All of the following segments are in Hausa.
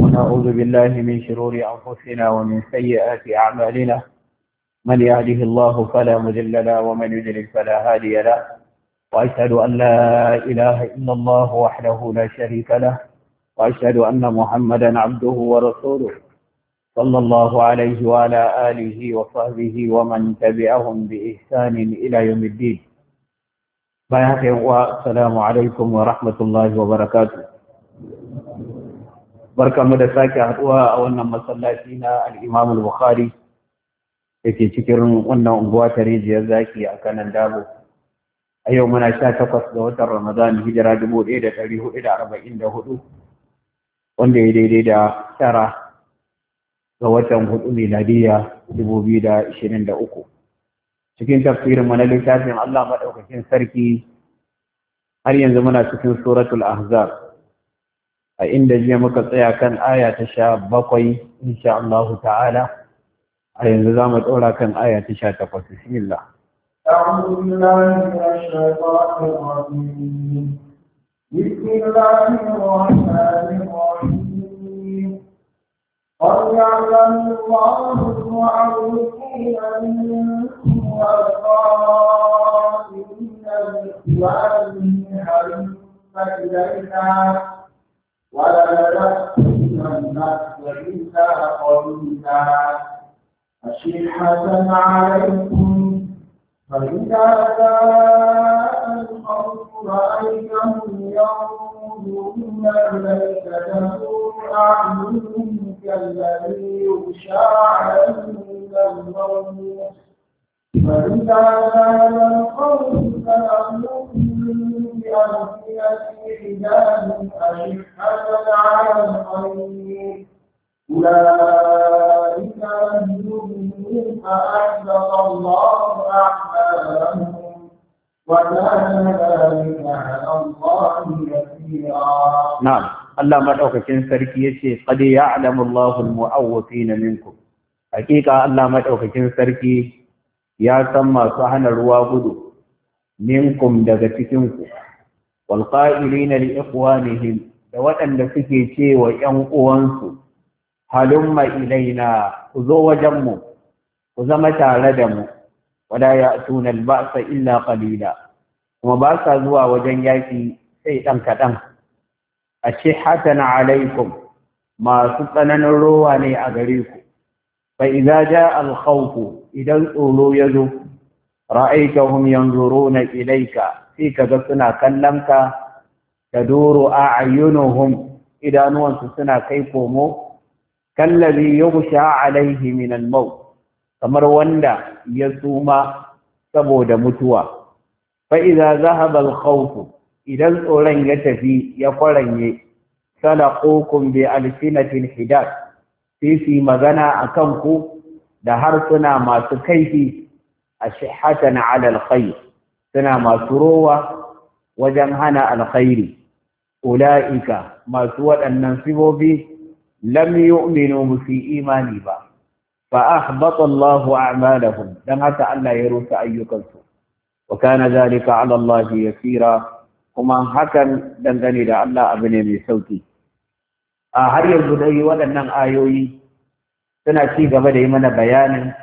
ونعوذ بالله من شرور أنفسنا ومن سيئات أعمالنا من يهده الله فلا مذل له ومن يذلل فلا هادي له وأشهد أن لا إله إلا الله وحده لا شريك له وأشهد أن محمدا عبده ورسوله صلى الله عليه وعلى آله وصحبه ومن تبعهم بإحسان إلى يوم الدين. السلام عليكم ورحمة الله وبركاته. mu da sake haɗuwa a wannan masallaci na al-Imam al-Bukhari yake cikin wannan unguwa ta rijiyar zaki a kanan dabo a yau muna sha takwas ga watan Ramadan hijira dubu da hudu wanda ya daidai da tara ga watan hudu miladiya dubu biyu da uku cikin tafsirin mu na littafin Allah maɗaukacin sarki har yanzu muna cikin suratul ahzab a inda jiya muka tsaya kan aya ta sha bakwai insha Allah ta'ala a yanzu za mu ɗora kan aya ta sha takwas bismillah أعوذ بالله الله المعوقين منكم والقائلين بإخوانهم هلم إلينا ولا تحسبنك إلا قليلا أشحة عليكم فإذا جاء الخوف رأيتهم ينظرون إليك تدور أعينهم كالذي يغشى عليه من الموت فإذا جاء الخوف فأملكم نعم الله ما مدوكين سركي يشي قد يعلم الله المعوفين منكم حقيقه الله ما مدوكين سركي يا سما سحن الروا منكم daga wal qa'ilina li ikhwanihim da waɗanda suke cewa ‘yan uwansu, halumma ilaina ku zo wajenmu, ku zama tare da mu, wada ya tunan illa kalila, kuma ba sa zuwa wajen yaƙi sai ɗan kaɗan. A ce hatan alaikum masu tsananin rowa ne a gare ku, fa iza ja alkhawku idan tsoro ya zo, ra'aitahum yanzuruna ilayka fi kaga suna kallon ka taduru a'yunuhum idanuwansu suna kai komo kallazi yughsha alayhi min al kamar wanda ya suma saboda mutuwa fa idza zahaba al idan tsoron ya tafi ya kwaranye salaqukum bi alsinatin hidat Sisi magana magana akan ku da harsuna masu kaifi ashihatan ala alkhair suna masu rowa wajen hana alkhairi ula'ika masu waɗannan sibobi lam yu'minu musu imani ba fa ahbata Allahu a'malahum dan haka Allah ya rusa ayyukansu wa kana zalika ala Allah yasira kuma hakan dangane da Allah abu ne mai sauki a har yanzu dai waɗannan ayoyi suna ci gaba da yi mana bayanin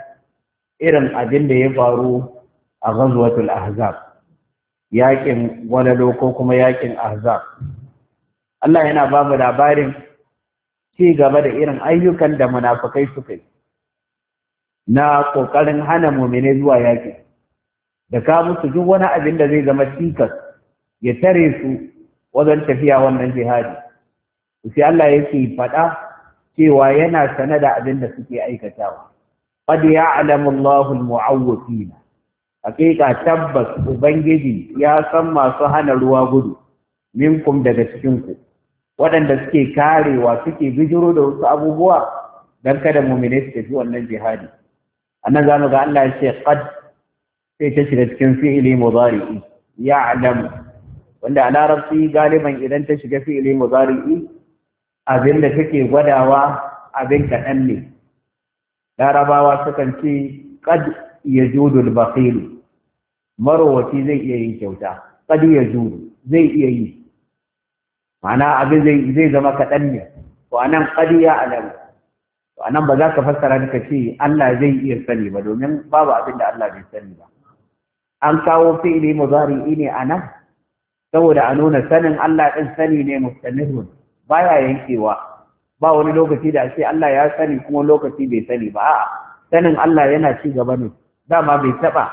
irin abin da ya faru a ghazwatul ahzab yakin walalo ko kuma yakin ahzab Allah yana ba mu labarin ci gaba da irin ayyukan da munafikai suka yi na kokarin hana mumine zuwa yaƙin, da ka musu duk wani abin da zai zama tikas ya tare su wajen tafiya wannan jihadi sai Allah yake faɗa cewa yana sane da abin da suke aikatawa qad ya'lamu Allahu al-mu'awwiqina haƙiƙa tabbas ubangiji ya san masu hana ruwa gudu minkum daga cikin ku waɗanda suke karewa suke bijiro da wasu abubuwa dan kada mu'mini su tafi wannan jihadi annan zamu ga Allah ya ce qad sai ta shiga cikin fi'ili mudari'i ya'lamu wanda a larabci galiban idan ta shiga fi'ili mudari'i abin da take gwadawa abin kaɗan ne larabawa sukan ce kad ya judul basiru marowaci zai iya yin kyauta kad ya judu zai iya yi ma'ana abin zai zama kaɗan ne to a nan kad ya to a nan ba za ka fassara ka ce Allah zai iya sani ba domin babu abin da Allah bai sani ba an kawo fi'ili muzari'i ne a nan saboda a nuna sanin Allah din sani ne mustanihun baya yankewa ba wani lokaci da ashe Allah ya sani kuma lokaci bai sani ba a'a sanin Allah yana ci gaba ne dama bai taba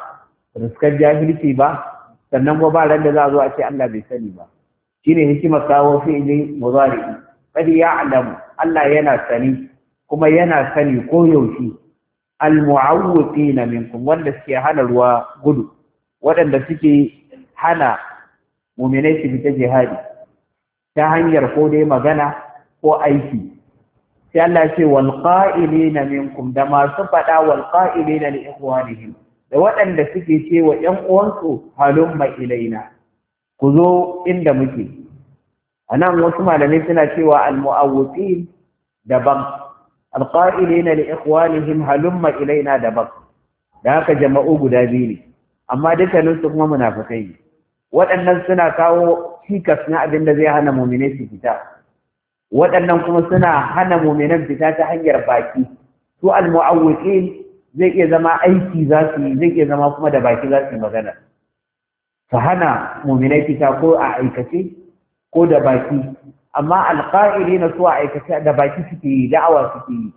riskar jahilci ba sannan ba ran da za a zo a ce Allah bai sani ba shine hikimar kawo ne fi'ilin kadi ya alamu Allah yana sani kuma yana sani ko yaushe al mu'awwiqina minkum wanda suke hana ruwa gudu waɗanda suke hana mu'minai su fita jihadi ta hanyar ko dai magana ko aiki sai Allah ya ce wal qa'ilina minkum da masu faɗa wal qa'ilina li ikhwanihim da waɗanda suke ce wa ƴan uwansu ma ilaina ku zo inda muke anan wasu malamai suna cewa al mu'awwiqin daban al qa'ilina li ikhwanihim ma ilaina daban da haka jama'u guda biyu ne amma dukkanin su kuma munafikai ne waɗannan suna kawo cikas na abin da zai hana mu'mine su fita waɗannan kuma suna hana muminan fita ta hanyar baki su al-mu'awwiqin zai iya zama aiki za su yi zai iya zama kuma da baki za su yi magana su hana muminai fita ko a aikace ko da baki amma alƙa'iri na su a aikace da baki suke yi da'awa suke yi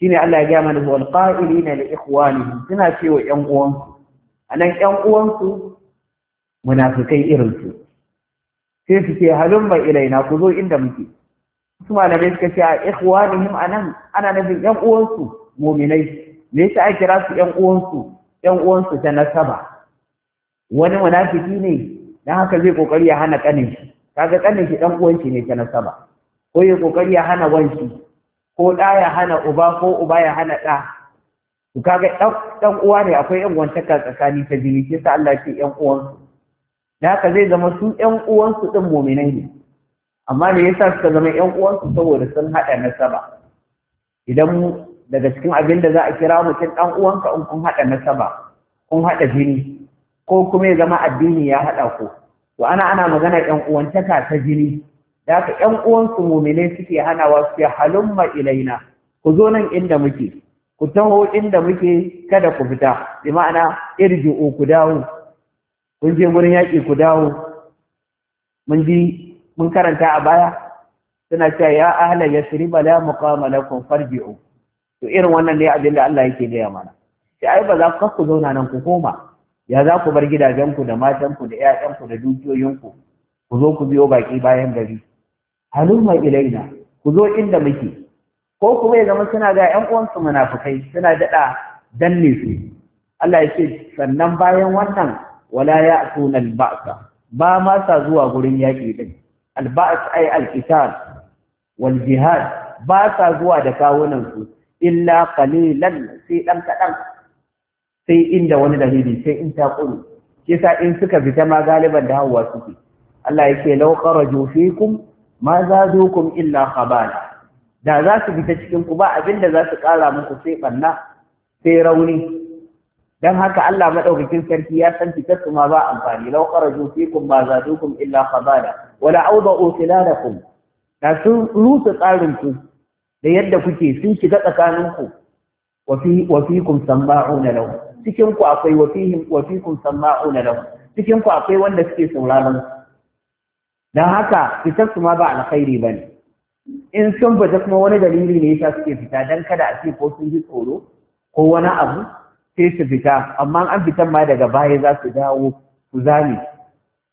shine Allah ya gaya mana zuwa alƙa'iri na li'ikhwanihim suna cewa ƴan uwansu a nan ƴan su munafikai irinsu sai suke ce halumma ilaina ku zo inda muke su malamai suka ce a ikhwanihim anan ana nufin yan uwansu mu'minai me yasa ake kira su yan uwansu yan uwansu ta nasaba wani munafiki ne dan haka zai kokari ya hana kanin shi kaga kanin shi dan uwan shi ne ta nasaba ko ya kokari ya hana wanki ko da ya hana uba ko uba ya hana da to kaga dan uwa ne akwai yan wantaka tsakani ta jini sai sa Allah ya ce yan uwansu da haka zai zama su yan uwansu din mu'minai ne amma me yasa suka zama ƴan uwansu saboda sun haɗa nasaba idan daga cikin abin da za a kira mutum ɗan uwanka in kun haɗa nasaba kun haɗa jini ko kuma ya zama addini ya haɗa ku to ana ana magana ƴan uwantaka ta jini da haka ƴan uwansu mumine suke hanawa su ya halumma ilaina ku zo nan inda muke ku taho inda muke kada ku fita bi ma'ana irji'u ku dawo kun je gurin yaƙi ku dawo mun ji mun karanta a baya suna cewa ya ahla yasrib la muqama lakum farji'u to irin wannan ne abin da Allah yake gaya mana sai ai ba za ku kasu zauna nan ku koma ya za ku bar gidajenku da matanku da ku da dukiyoyin ku zo ku biyo baki bayan gari haluma ilaina ku zo inda muke ko kuma ya zama suna ga ƴan uwansu munafukai suna daɗa danne su Allah ya ce sannan bayan wannan wala ya'tuna al-ba'sa ba ma sa zuwa gurin yaƙi din alba'at ay alqital wal jihad ba sa zuwa da kawunan su illa qalilan sai dan kadan sai inda wani dalili sai in ta kuru Kisa in suka fita ma galiban da hawa suke Allah yake law kharaju fikum ma zadukum illa khabala da za su fita cikin ku ba abinda za su kara muku sai banna sai rauni dan haka Allah madaukakin sarki ya san fitar su ma ba amfani law kharaju fikum ma zadukum illa khabala wala awda'u khilalakum da sun rusa tsarin ku da yadda kuke sun shiga tsakanin ku wa fi wa fikum sama'una lahu cikin ku akwai wa fihim wa fikum sama'una lahu cikin ku akwai wanda suke sauraron dan haka fitar su ma ba alkhairi bane in sun fita kuma wani dalili ne yasa suke fita dan kada a ce ko sun ji tsoro ko wani abu sai su fita amma an fitan ma daga baya za su dawo ku zame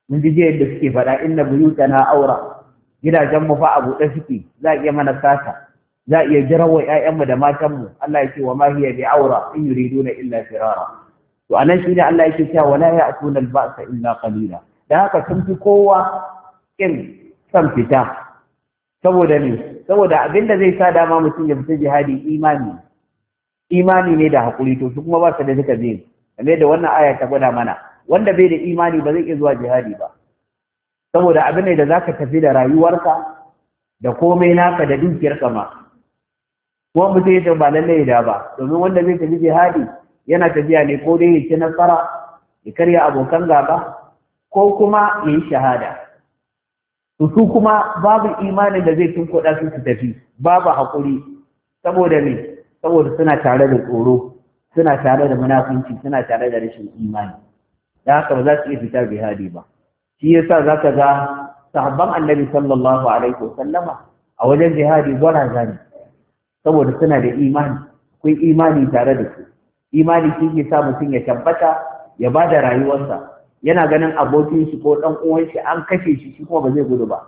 mun ji jiya yadda suke faɗa inna buyuta na aura gidajen mu fa a buɗe suke za a iya mana sata za a iya jirawa ƴaƴanmu da matanmu Allah ya ce wa ma hiya bi aura in na illa firara to anan shi ne Allah ya ce cewa wala ya'tuna al-ba'sa illa qalila dan haka sun fi kowa kin san fita saboda ne saboda abinda zai sa dama mutum ya fita jihadi imani imani ne da hakuri to su kuma ba su da duka je kamar da wannan aya ta gwada mana wanda bai da imani ba zai iya zuwa jihadi ba saboda abin ne da zaka tafi da rayuwarka da komai naka da dukiyarka ma kuma mutum ya ba lallai da ba domin wanda zai tafi jihadi yana tafiya ne ko dai ya ci nasara ya karya abokan gaba ko kuma yayi shahada su kuma babu imanin da zai tunkuɗa su su tafi babu hakuri saboda me saboda suna tare da tsoro suna tare da munafunci suna tare da rashin imani da haka ba za su iya fita jihadi ba shi yasa za ka ga sahabban annabi sallallahu alaihi wasallama a wajen jihadi gwaraza ne saboda suna da imani akwai imani tare da su imani shi ke sa mutum ya tabbata ya ba da rayuwarsa yana ganin abokin shi ko dan uwan shi an kashe shi shi kuma ba zai gudu ba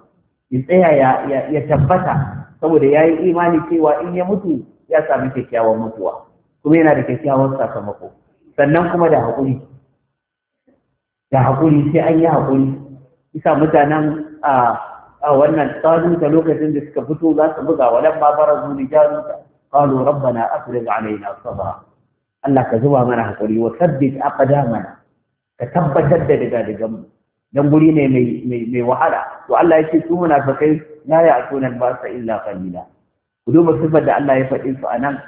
ya tsaya ya, ya tabbata saboda ya yi imani cewa in ya mutu ya sami kyakkyawan mutuwa kuma yana da kyakkyawan sakamako sannan kuma da haƙuri da hakuri sai an yi hakuri isa mutanen a a wannan tsaruta lokacin da suka fito za su buga wadan ma bara na jaruta qalu rabbana afrigh alaina sabra Allah ka zuba mana haƙuri wa sabbit aqdamana ka tabbatar da daga daga mu dan guri ne mai wahala to Allah yake su munafikai la ya'tuna basa illa qalila ku duba sifar da Allah ya faɗi su anan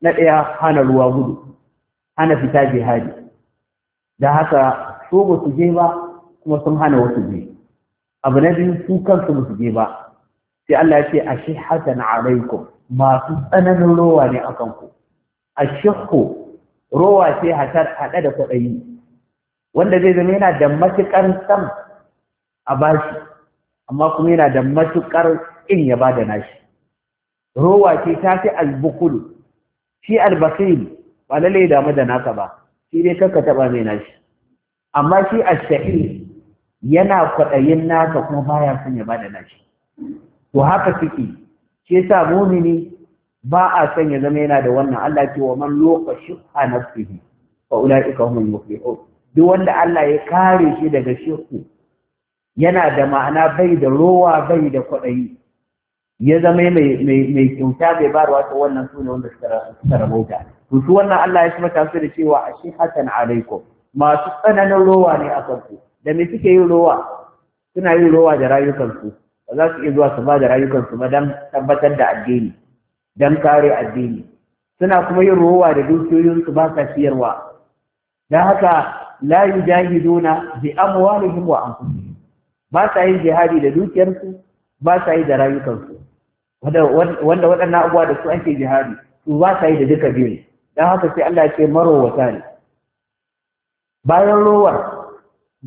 na ɗaya hana ruwa gudu hana fita jihadi da haka so ba su je ba kuma sun hana wasu je abu na biyu su kansu ba su je ba sai Allah ya ce ashihatan alaikum masu tsananin rowa ne a kanku. A ashihu rowa ce hatar da kwaɗayi wanda zai zama yana da matuƙar sam a bashi amma kuma yana da matuƙar ƙin ya bada nashi rowa ce ta fi albukulu shi albakil ba lalle damu da naka ba shi dai kanka taɓa mai nashi amma shi a shahi yana kwaɗayin nasa kuma baya son ya bada nashi to haka suke shi yasa mumini ba a son ya zama yana da wannan Allah ke wa man loqa a nafsihi fa ulaika humul muflihun duk wanda Allah ya kare shi daga shirku yana da ma'ana bai da rowa bai da kwaɗayi ya zama mai mai kyauta bai bada ta wannan sune wanda suka rabauta to su wannan Allah ya shi mata su da cewa alaikum masu tsananin rowa ne a kanku da me suke yin rowa suna yin rowa da rayukansu ba za su iya zuwa su ba da rayukansu ba don tabbatar da addini don kare addini suna kuma yin rowa da dukiyoyinsu ba sa siyarwa don haka la yujahiduna bi amwalihim wa anfusihim ba sa yin jihadi da dukiyarsu ba sa yi da rayukansu wanda waɗannan abubuwa da su ake jihadi su ba sa yi da duka biyu don haka sai Allah ya ce marowata ne bayan rowar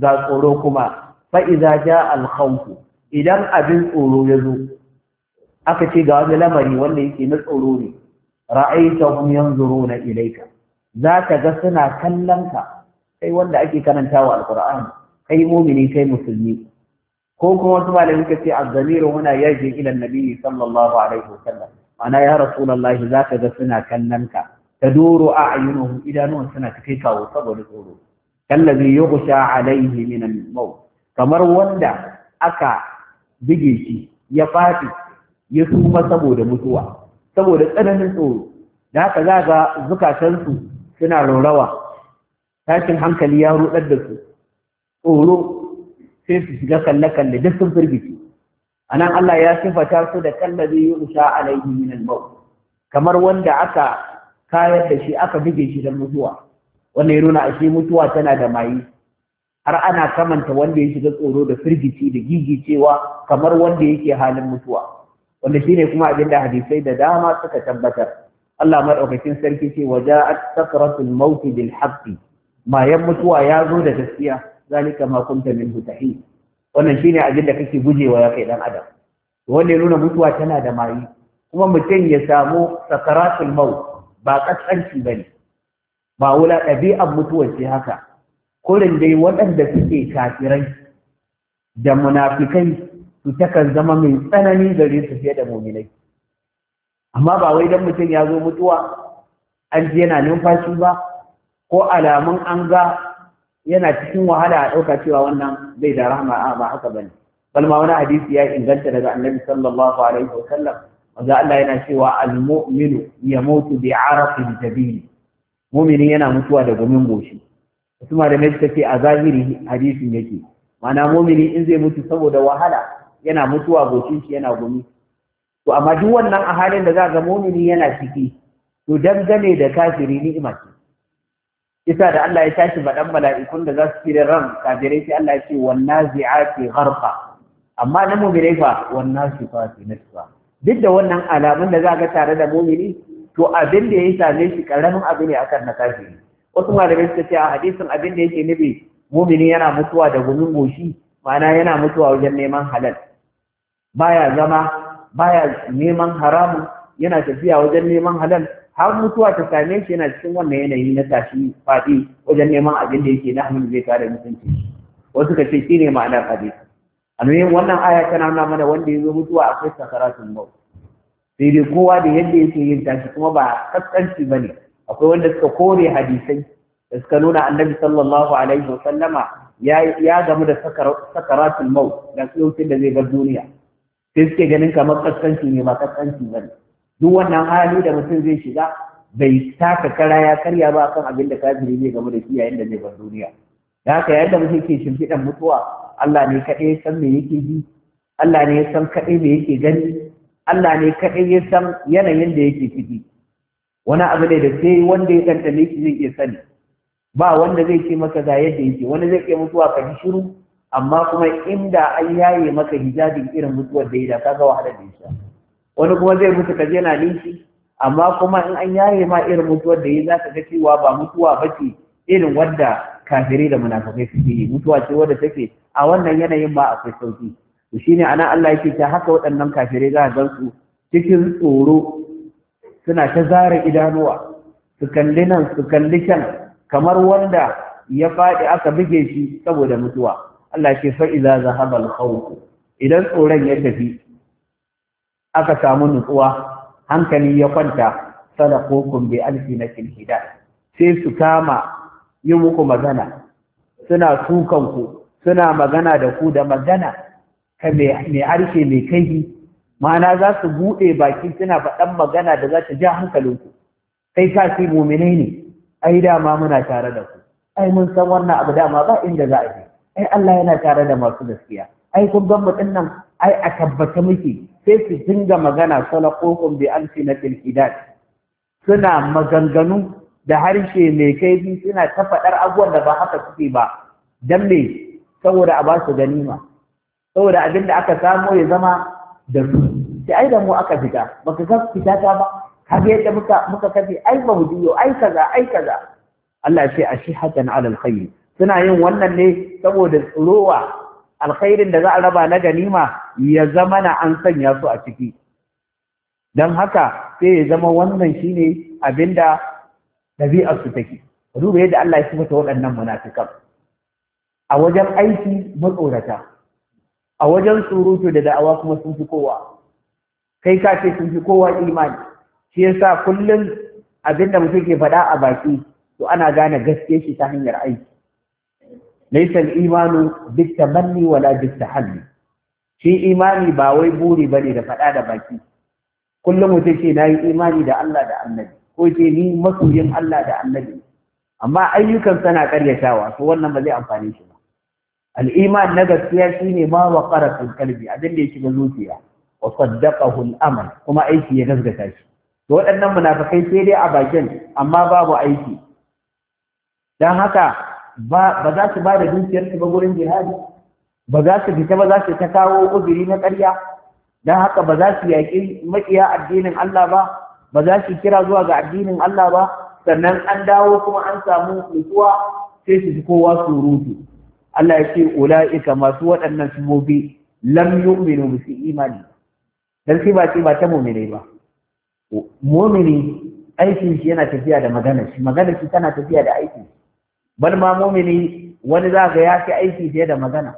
ga tsoro kuma fa'iza ja alhauku idan abin tsoro ya zo aka ce ga wani lamari wanda yake na tsoro ne ra'aita hum yanzuru na ilaika za ka ga suna kallon ka kai wanda ake wa alqur'ani kai mu'mini kai musulmi ko kuma wasu malami kace ce azzamiru muna yaji ilan nabi sallallahu alaihi wasallam ana ya rasulullah za ka ga suna ta ka a a'yunuhum idanuwan suna kai kawo saboda tsoro kallazi yughsha alaihi min al-maut kamar wanda aka bige shi ya fadi ya tsufa saboda mutuwa saboda tsananin tsoro da haka za ga su suna raurawa tashin hankali ya rudar da su tsoro sai su shiga kalle-kalle duk sun firgici a nan Allah ya sifata su da kallabi yusha alaihi min al kamar wanda aka kayar da shi aka buge shi da mutuwa wannan ya nuna ashe mutuwa tana da mayi har ana kamanta wanda ya shiga tsoro da firgici da gigicewa kamar wanda yake halin mutuwa wanda shine kuma abin da hadisai da dama suka tabbatar Allah madaukakin sarki ce waja'at sakratul maut bil haqqi mayan mutuwa ya zo da gaskiya zalika ma kunta min tahid wannan shine abin da kake gujewa ya kai dan adam wanda ya nuna mutuwa tana da mayi kuma mutum ya samu sakaratul maut ba kaskanci bane ba wula ɗabi'an mutuwar ce haka kurin dai waɗanda suke kafirai da munafikai su takan zama mai tsanani gare su fiye da muminai amma ba wai don mutum ya zo mutuwa an ji yana numfashi ba ko alamun an ga yana cikin wahala a ɗauka cewa wannan bai da rahama a ba haka bane balma wani hadisi ya inganta daga annabi sallallahu alaihi wa sallam wanda Allah yana cewa al-mu'minu yamutu bi arafin jabini mumini yana mutuwa da gumin goshi wasu da suka ce a zahiri hadisin yake mana mumini in zai mutu saboda wahala yana mutuwa goshin shi yana gumi to amma duk wannan a halin da za ga mumini yana ciki to dangane da kafiri ni ima ce isa da Allah ya tashi baɗan mala'ikun da za su fi ran kafirai sai Allah ya ce wannan zi'ati gharqa amma na mumini fa wannan sifati nasfa duk da wannan alamun da za ga tare da mumini to abin da ya same shi karamin abu ne akan na kafiri wasu malamai suka ce a hadisin abin da yake nufi mumini yana mutuwa da gumin goshi ma'ana yana mutuwa wajen neman halal baya zama baya neman haramun yana tafiya wajen neman halal har mutuwa ta same shi yana cikin wannan yanayi na tashi faɗi wajen neman abin da yake na hannu zai kare mutunci wasu ka ce shi ne ma'anar hadisi a wannan aya tana nuna mana wanda ya zo mutuwa akwai sakaratun mawu sai dai kowa da yadda yake yin tashi kuma ba kaskanci ne. akwai wanda suka kore hadisai da suka nuna annabi sallallahu alaihi wa sallama ya gamu da sakaratul maut da lokacin da zai bar duniya sai suke ganin kamar kaskanci ne ba kaskanci bane duk wannan hali da mutum zai shiga bai taka kara ya karya ba kan abin da kafiri zai game da shi yayin da zai bar duniya da haka yadda da mutum ke shimfiɗan mutuwa Allah ne kaɗai san me yake ji Allah ne san kaɗai me yake gani Allah ne kaɗai ya san yanayin da yake ciki wani abu ne da sai wanda ya ɗanɗane shi zai iya sani ba wanda zai ce maka ga yadda yake wani zai iya mutuwa ka ji shiru amma kuma inda an yaye maka hijabin irin mutuwar da ya da kaga wahalar da ya wani kuma zai mutu ka yana nishi amma kuma in an yaye ma irin mutuwar da ya za ka cewa ba mutuwa ba ce irin wadda kafirai da munafikai suke yi mutuwa ce wadda take a wannan yanayin ma akwai sauki to shine anan Allah yake ta haka waɗannan kafirai za a su cikin tsoro suna ta zara idanuwa su kalli nan su kalli can kamar wanda ya faɗi aka buge shi saboda mutuwa Allah ce fa iza zahaba al-khawf idan tsoron ya tafi aka samu nutsuwa hankali ya kwanta sadaqukum bi alfinatil hidayah sai su kama yi muku magana suna tukan ku suna magana da ku da magana mai harshe mai kai ma'ana za su buɗe baki suna faɗan magana da za ta ja hankalinku kai ka ce muminai ne ai dama muna tare da ku ai mun san wannan abu dama ba inda za a je ai Allah yana tare da masu gaskiya ai kun ga mutun nan ai a tabbata muke sai su dinga magana salakokum bi alsinatil hidat suna maganganu da harshe mai kaifi suna ta faɗar abubuwan da ba haka suke ba dan me saboda a ba su ganima saboda abin da aka samo ya zama da su sai ai da mu aka fita baka san fita ta ba kaga yadda muka muka kafi ai mahudiyo ai kaza ai kaza Allah ya ce ashihatan ala alkhair suna yin wannan ne saboda tsirowa alkhairin da za a raba na ganima ya zama na an sanya su a ciki don haka sai ya zama wannan shine abinda ɗabi'ar su take duba yadda Allah ya sifata waɗannan munafikan a wajen aiki matsorata a wajen surutu da da'awa kuma sun fi kowa kai ka ce sun fi kowa imani shi yasa kullum abin da mutum ke faɗa a baki to ana gane gaske shi ta hanyar aiki laysa al-imanu tamanni wala tahalli shi imani ba wai buri bane da faɗa da baki kullum mutum ce na yi imani da Allah da annabi ko ce ni masoyin Allah da annabi amma ayyukan sana ƙaryatawa to wannan ba zai amfane shi ba al'iman na gaskiya shine ma wa qarafin a abin da ya shiga zuciya wa saddaqahu al kuma aiki ya gaskata shi to waɗannan munafikai sai dai a bakin amma babu aiki dan haka ba za su ba da dukiyar su ba gurin jihadi ba za su fita ba za su ta kawo uzuri na ƙarya dan haka ba za su yaƙi maƙiya addinin Allah ba ba za su kira zuwa ga addinin Allah ba sannan an dawo kuma an samu nutsuwa sai su ji kowa surutu Allah ya ce ula'ika masu waɗannan sumobi lam yu'minu bi imani dan sai ba ce ba ta mu'mini ba mu'mini aikin shi yana tafiya da magana shi magana shi tana tafiya da aiki bal ma mu'mini wani za ga ya fi aiki fiye da magana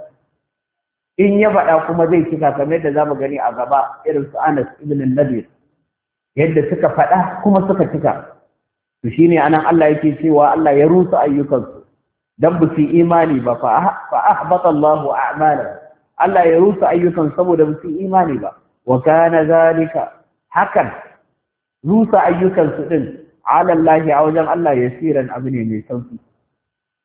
in ya faɗa kuma zai cika kamar yadda zamu gani a gaba irin su Anas ibn Nadir yadda suka faɗa kuma suka cika to shine anan Allah yake cewa Allah ya rusa ayyukansu dan ba su imani ba fa ah, ahbata Allahu Allah ya rusa ayyukan saboda ba su imani ba wa kana zalika hakan rusa ayyukan su din ala Allah a wajen Allah yasiran abu ne mai sauki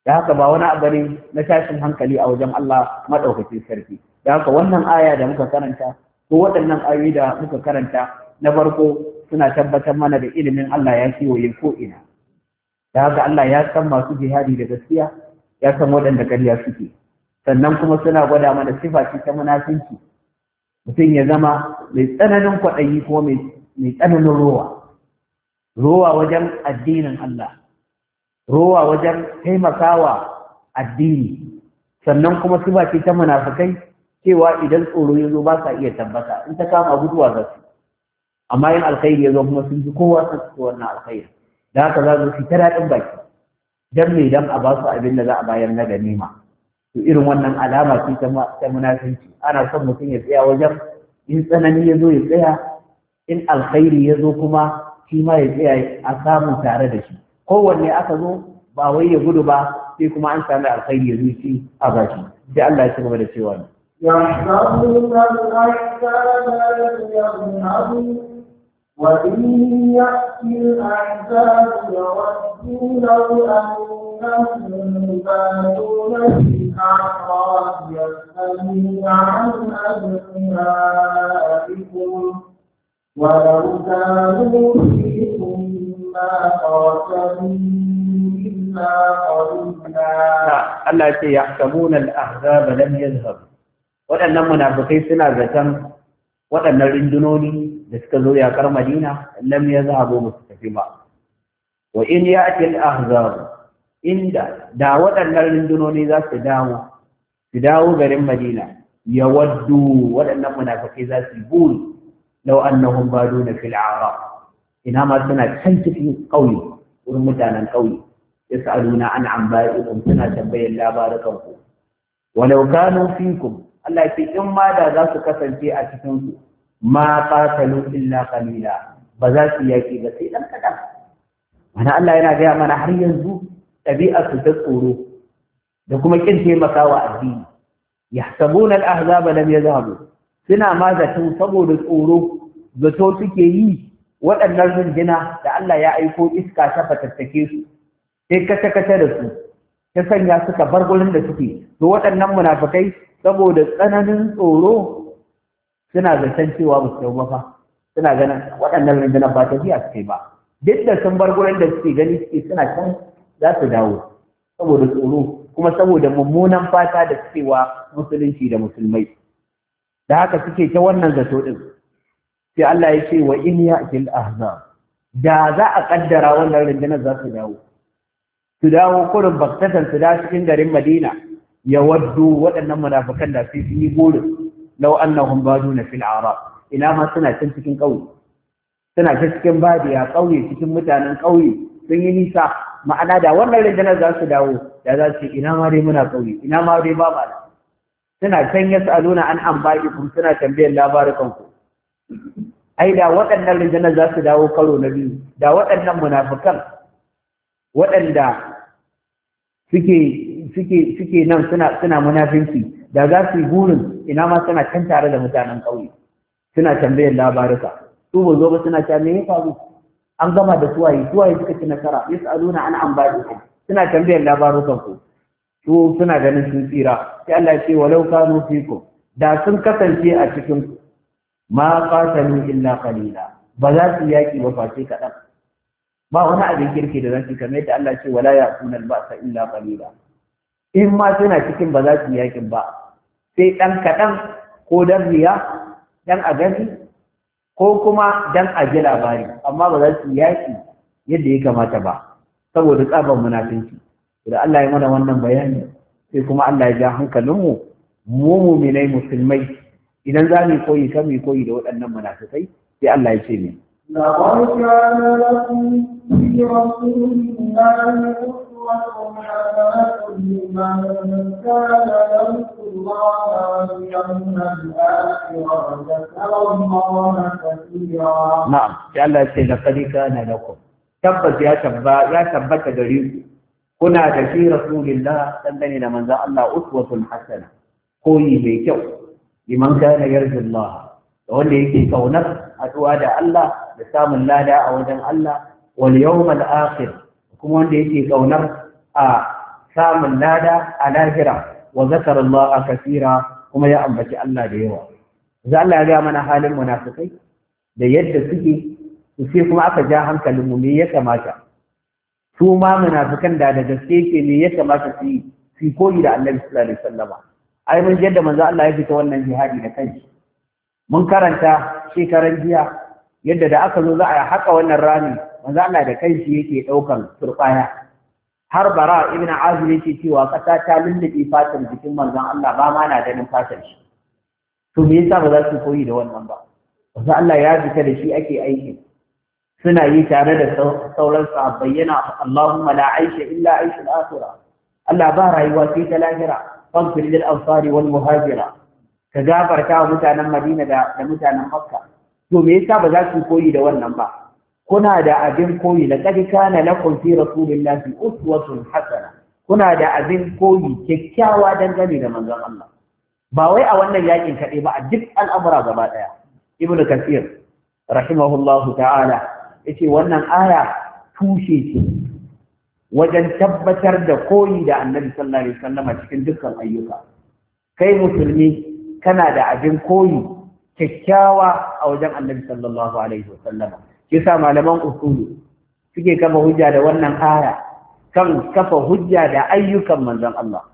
da haka ba wani abu ne na tashin hankali a wajen Allah madaukakin sarki da haka wannan aya da muka karanta ko waɗannan ayoyi da muka karanta na farko suna tabbatar mana da ilimin Allah ya kiwo ko ina da haka Allah ya san masu jihadi da gaskiya ya san waɗanda ƙarya suke sannan kuma suna gwada mana sifa ce ta munafinci mutum ya zama mai tsananin kwaɗayi ko mai tsananin rowa rowa wajen addinin Allah rowa wajen taimakawa addini sannan kuma sifa ce ta munafikai cewa idan tsoro ya zo ba sa iya tabbata in ta kama guduwa za su amma yin alkhairi ya zo kuma sun ji kowa sun ci wannan alkhairi da haka za su fi ta daɗin baki dan me dan a ba su abin da za a bayar na ganima to irin wannan alama ce ta munafinci ana son mutum ya tsaya wajen in tsanani ya zo ya tsaya in alkhairi ya zo kuma shi ma ya tsaya a samu tare da shi kowanne aka zo ba wai ya gudu ba sai kuma an sami alkhairi ya ci a baki sai Allah ya ci gaba da cewa يحفظون الأحسان يذهبون a ce ya samuna al’arza ba don yin haɗu. Waɗannan munafukai suna zaton waɗannan rindunoni da suka zo yakar madina lam ya zahabo musu tafi ba wa in ya ake al'ahzaru inda da waɗannan rundunoni za su dawo su dawo garin madina ya waddu waɗannan munafakai za su yi buri lau annahum baduna fil a'rab ina ma suna can cikin ƙauye wurin mutanen ƙauye yas'aluna an anba'ikum suna tambayar labarukan ku walau kanu fikum Allah ya ce in ma da za su kasance a cikin ma qatalu illa qalila ba za su yaki ba sai dan kadan mana Allah yana gaya mana har yanzu ɗabi'ar su ta tsoro da kuma kin taimakawa addini yahsabuna al-ahzab lam yazhabu suna ma zaton saboda tsoro zato suke yi waɗannan rundina da Allah ya aiko iska ta fatattake su sai kace-kace da su ta sanya suka bar gurin da suke to waɗannan munafikai saboda tsananin tsoro suna zaton cewa ba su yau ba fa suna ganin waɗannan rundunar ba ta biya suke ba duk da sun bar gurin da suke gani suke suna can za su dawo saboda tsoro kuma saboda mummunan fata da suke wa musulunci da musulmai da haka suke ta wannan zato din sai Allah ya ce wa in ya'til ahzab da za a kaddara wannan rundunar za su dawo su dawo kurin baktatan su da cikin garin Madina ya waddu waɗannan munafikan da sai yi burin law annahum na fil arab ina ma suna cin cikin ƙauye suna can cikin ya ƙauye cikin mutanen ƙauye sun yi nisa ma'ana da wannan rundunar za su dawo da za su ina ma dai muna ƙauye ina ma dai ba ba suna can yas'aluna an anba'ikum suna tambayar labarukan ku ai da waɗannan rundunar za su dawo karo na biyu da waɗannan munafukan waɗanda suke suke suke nan suna suna munafinci da za su yi gurin ina ma suna can tare da mutanen ƙauye suna tambayar labaruka su ba zo ba suna ta me ya faru an gama da suwaye suwaye suka ci nasara yas'aluna an anba'ikum suna tambayar labarukan ku su suna ganin sun tsira sai Allah ya ce walau kanu fiku da sun kasance a cikin ku ma qatalu illa qalila ba za su yaki ba face kaɗan ba wani abin kirki da zan ci kamar yadda Allah ce wala ya'tuna al-ba'sa illa qalila in ma suna cikin ba za su yakin ba sai ɗan kaɗan ko dan riya dan a gani ko kuma dan a ji labari amma ba za su yi yaki yadda ya kamata ba saboda tsaban munafinci da Allah ya mana wannan bayani sai kuma Allah ya ja hankalinmu mu muminai musulmai idan za mu koyi kan mu koyi da waɗannan munafikai sai Allah ya ce ne لقد كان لكم في رسول الله حسنات لمن كان يرجو الله واليوم الآخر وذكر الله كثيرا نعم تعالى لقد كان لكم tabbas ya tabbata gare ku kuna da shi rasulillah dangane da manzon Allah uswatun hasana koyi mai kyau Iman liman kana yarjullah da wanda yake kaunar haɗuwa da Allah da samun lada a wajen Allah wal yawmal akhir kuma wanda yake kaunar a samun lada a lahira wa zakara Allah kasira kuma ya ambaci Allah da yawa za Allah ya gaya mana halin munafikai da yadda suke sai kuma aka ja hankalin mu me ya kamata su ma munafikan da da gaske yake me ya kamata su yi su koyi da Allah sallallahu alaihi wasallama ai mun yadda manzo Allah ya fita wannan jihadi da kanshi mun karanta shekaran jiya yadda da aka zo za a haƙa wannan rami manzo Allah da kanshi yake ɗaukan turbaya har bara ibn azir ce cewa ƙasa ta lullube fatar jikin manzon Allah ba ma na ganin fatar shi to me yasa ba za su koyi da wannan ba wanda Allah ya fita da shi ake aiki suna yi tare da sauran sa bayyana. Allahumma la aisha illa aishul akhirah Allah ba rayuwa sai ta lahira faghfir lil ansari wal muhajira ka gafarta wa mutanen Madina da mutanen Makka to me yasa ba za su koyi da wannan ba kuna da abin koyi na laqad kana lakum fi rasulillahi uswatun hasana kuna da abin koyi kyakkyawa dangane da manzon Allah ba wai a wannan yakin kaɗai ba a duk al'amura gaba ɗaya ibnu kasir rahimahullahu ta'ala yace wannan aya tushe ce wajen tabbatar da koyi da annabi sallallahu alaihi wasallam cikin dukkan ayyuka kai musulmi kana da abin koyi kyakkyawa a wajen annabi sallallahu alaihi wasallam Kisa malaman usulu suke kafa hujja da wannan aya kan kafa hujja da ayyukan manzon Allah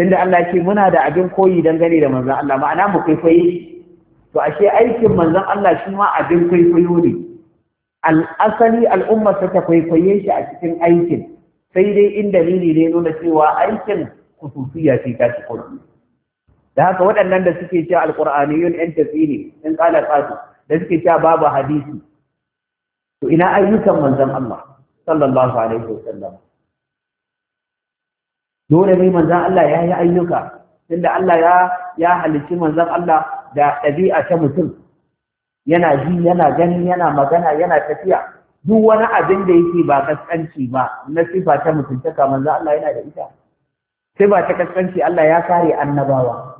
tunda Allah ce muna da abin koyi dangane da manzon Allah ma'ana mu kwaikwaye to ashe aikin manzon Allah shi ma abin kwaikwayo ne al'asali al'ummar ta kwaikwaye shi a cikin aikin sai dai in dalili ne nuna cewa aikin kusufiya ce ta shi da haka waɗannan da suke cewa alƙur'aniyun ƴan tafi ne in ƙala da suke cewa babu hadisi to ina ayyukan manzon Allah sallallahu alaihi wasallam dole ne manzon Allah ya yi ayyuka tunda Allah ya ya halicci manzon Allah da ɗabi'a ta mutum yana ji yana gani yana magana yana tafiya duk wani abin da yake ba kaskanci ba na sifa ta mutuntaka manzon Allah yana da ita sai ba ta kaskanci Allah ya kare annabawa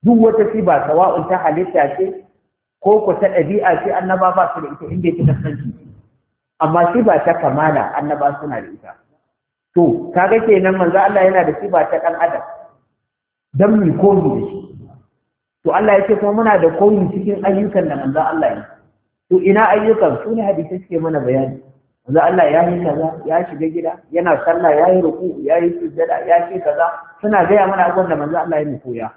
duk wata siba sawa'un ta halitta ce ko ku ta ɗabi'a ce annaba ba su da ita inda ya fi kasance amma shi ba ta kamala annaba suna da ita to kaga kenan manzo Allah yana da shi ba ta ɗan adam dan mu koyi da shi to Allah ya ce kuma muna da koyi cikin ayyukan da manzo Allah ya to ina ayyukan su ne hadisi suke mana bayani manzo Allah ya yi kaza ya shiga gida yana sallah ya yi ruku ya yi sujjada ya yi kaza suna gaya mana abubuwan da manzo Allah ya koya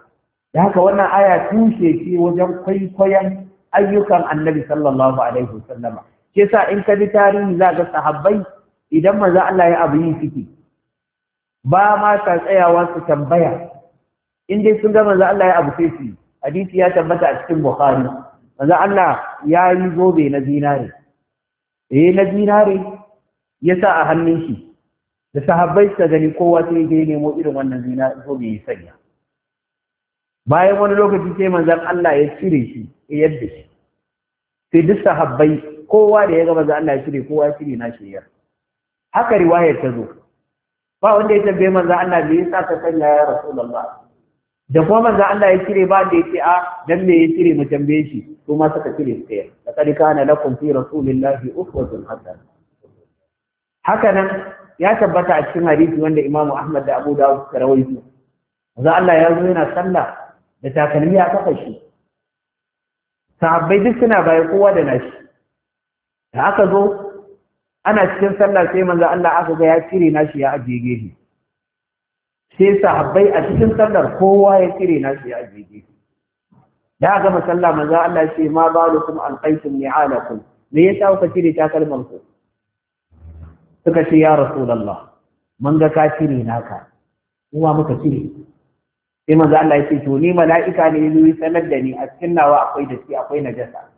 da haka wannan aya tushe ce wajen kwaikwayon ayyukan annabi sallallahu alaihi wasallama ke sa in ka bi tarihi za ga sahabbai idan manzo Allah ya abu yi suke ba ma ta tsayawa su tambaya in dai sun ga manzo Allah ya abu sai su hadisi ya tabbata a cikin bukhari manzo Allah ya yi zobe na zinare eh na zinare ya sa a hannun shi da sahabbai suka gani kowa sai ya nemo irin wannan zinare zobe ya sanya bayan wani lokaci sai manzon Allah ya cire shi yadda shi sai duk sahabbai kowa da ya ga manzon Allah ya cire kowa ya cire na shi haka riwayar ta zo ba wanda ya tambaye manzon Allah me yasa ka sanya ya rasulullah da kuma manzo Allah ya cire ba da yake a dan me ya cire mu tambaye shi to ma suka cire su kai laqad kana lakum fi rasulillahi uswatun hasana haka nan ya tabbata a cikin hadisi wanda Imam Ahmad da Abu Dawud suka rawaito manzo Allah ya zo yana sallah da takalmi a kafa shi sahabbai duk suna baya kowa da nashi da aka zo ana cikin sallah sai manzo Allah aka ga ya cire nashi ya ajiye gefe sai sahabbai a cikin sallar kowa ya cire nashi ya ajiye gefe da aka gama sallah manzo Allah ya ce ma balukum alqaytum ni'alakum me yasa kuka cire takalman ku suka ce ya rasulullah mun ga ka cire naka uwa muka cire sai manzo Allah ya ce to ni mala'ika ne yazo yi sanar da ni a cikin nawa akwai shi, akwai najasa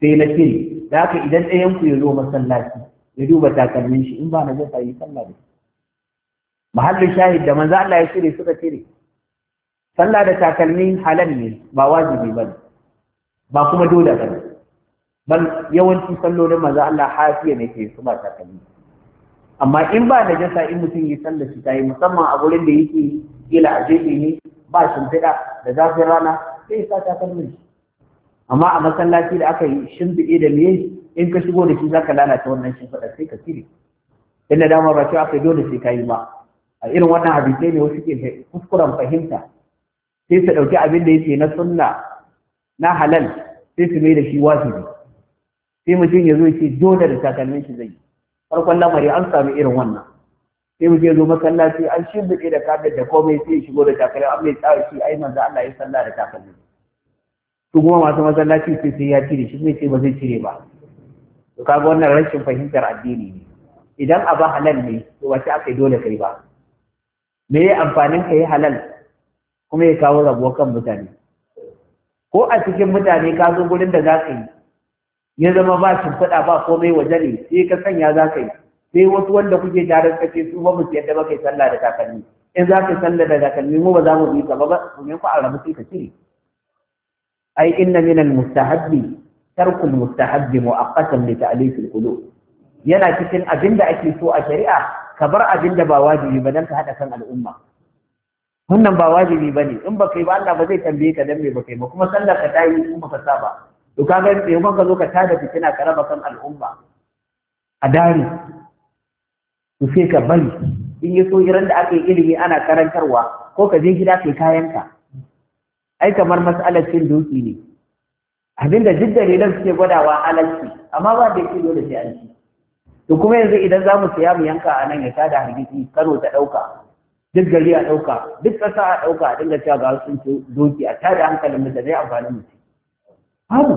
sai na cire da haka idan ɗayan ku ya zo masallaci ya duba takalmin shi in ba najasa yi sallah da mahallin shahid da manzo Allah ya cire suka cire sallah da takalmin halal ne ba wajibi ba ba kuma dole ba Ban yawanci sallolin manzo Allah hafiya ne ke su ba takalmin amma in ba da jasa in mutum ya sallar shi tayi musamman a gurin da yake kila a jefe ne ba shimfiɗa da zafin rana sai sa takalmin shi amma a masallaci da aka yi shimfiɗe da miye in ka shigo da shi zaka lalata wannan shimfiɗa sai ka cire in da dama ba shi aka dole sai ka yi ba a irin wannan hadisai ne wasu ke kuskuren fahimta sai su ɗauki abin da yake na sunna na halal sai su mai da shi wajibi sai mutum ya zo ya ce dole da takalmin shi zai yi farkon lamari an sami irin wannan sai mu je zo masallaci an shimbiɗe da kafin da komai sai shigo da takalmi an mai tsara shi ai manzo Allah ya sallah da takalmi su kuma masu masallaci sai sai ya cire shi sai ba zai cire ba to kaga wannan rashin fahimtar addini ne idan ba halal ne to wace aka yi dole kai ba me ya amfanin ka yi halal kuma ya kawo rabuwar kan mutane ko a cikin mutane ka zo gurin da za ka yi ya zama ba fada ba komai waje ne sai ka sanya za ka yi sai wasu wanda kuke jarar kace su ba mu yadda ba kai sallah da takalmi in za ka yi sallah da takalmi mu ba za mu yi ka ba ba domin ku arabu sai ka cire ai inna min al mustahabbi tarkul mustahabbi mu'aqqatan li ta'lif al qulub yana cikin abinda ake so a shari'a ka bar abinda ba wajibi ba dan ka hada kan al'umma wannan ba wajibi bane in ba kai ba Allah ba zai tambaye ka dan me ba kai ba kuma sallar ka ta yi kuma ka saba to kaga me kuma ka zo ka tada fitina ka raba kan al'umma a dare to sai ka bari in yi so iran da aka yi ilimi ana karantarwa ko ka je gida kai kayanka ai kamar mas'alar cin doki ne abinda duk dalilan suke gwadawa alalci amma ba da yake dole sai an ci to kuma yanzu idan za mu siya mu yanka a nan ya tada hargitsi kano ta ɗauka duk gari a ɗauka duk ƙasa a ɗauka a dinga cewa ga sun doki a tada hankalin mu da zai amfani mu babu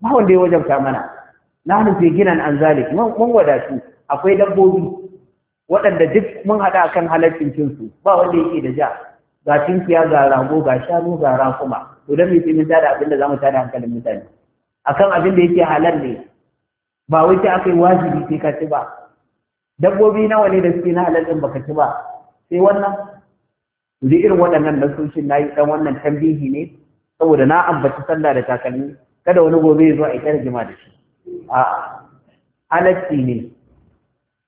ba wanda ya wajabta mana na nufi ginan an zalik mun wadatu akwai dabbobi waɗanda duk mun haɗa kan halaccin cinsu ba wanda yake da ja ga cinkiya ga rago ga shanu ga rakuma to don mai tsimin tada abinda za mu tada hankalin mutane akan abin da yake halal ne ba wai aka yi wajibi sai ka ci ba dabbobi nawa ne da suke na halar baka ci ba sai wannan Zai irin waɗannan nasoshin yi ɗan wannan tambihi ne saboda na ambaci sallah da takalmi kada wani gobe ya zo a yi rigima da shi a'a halatti ne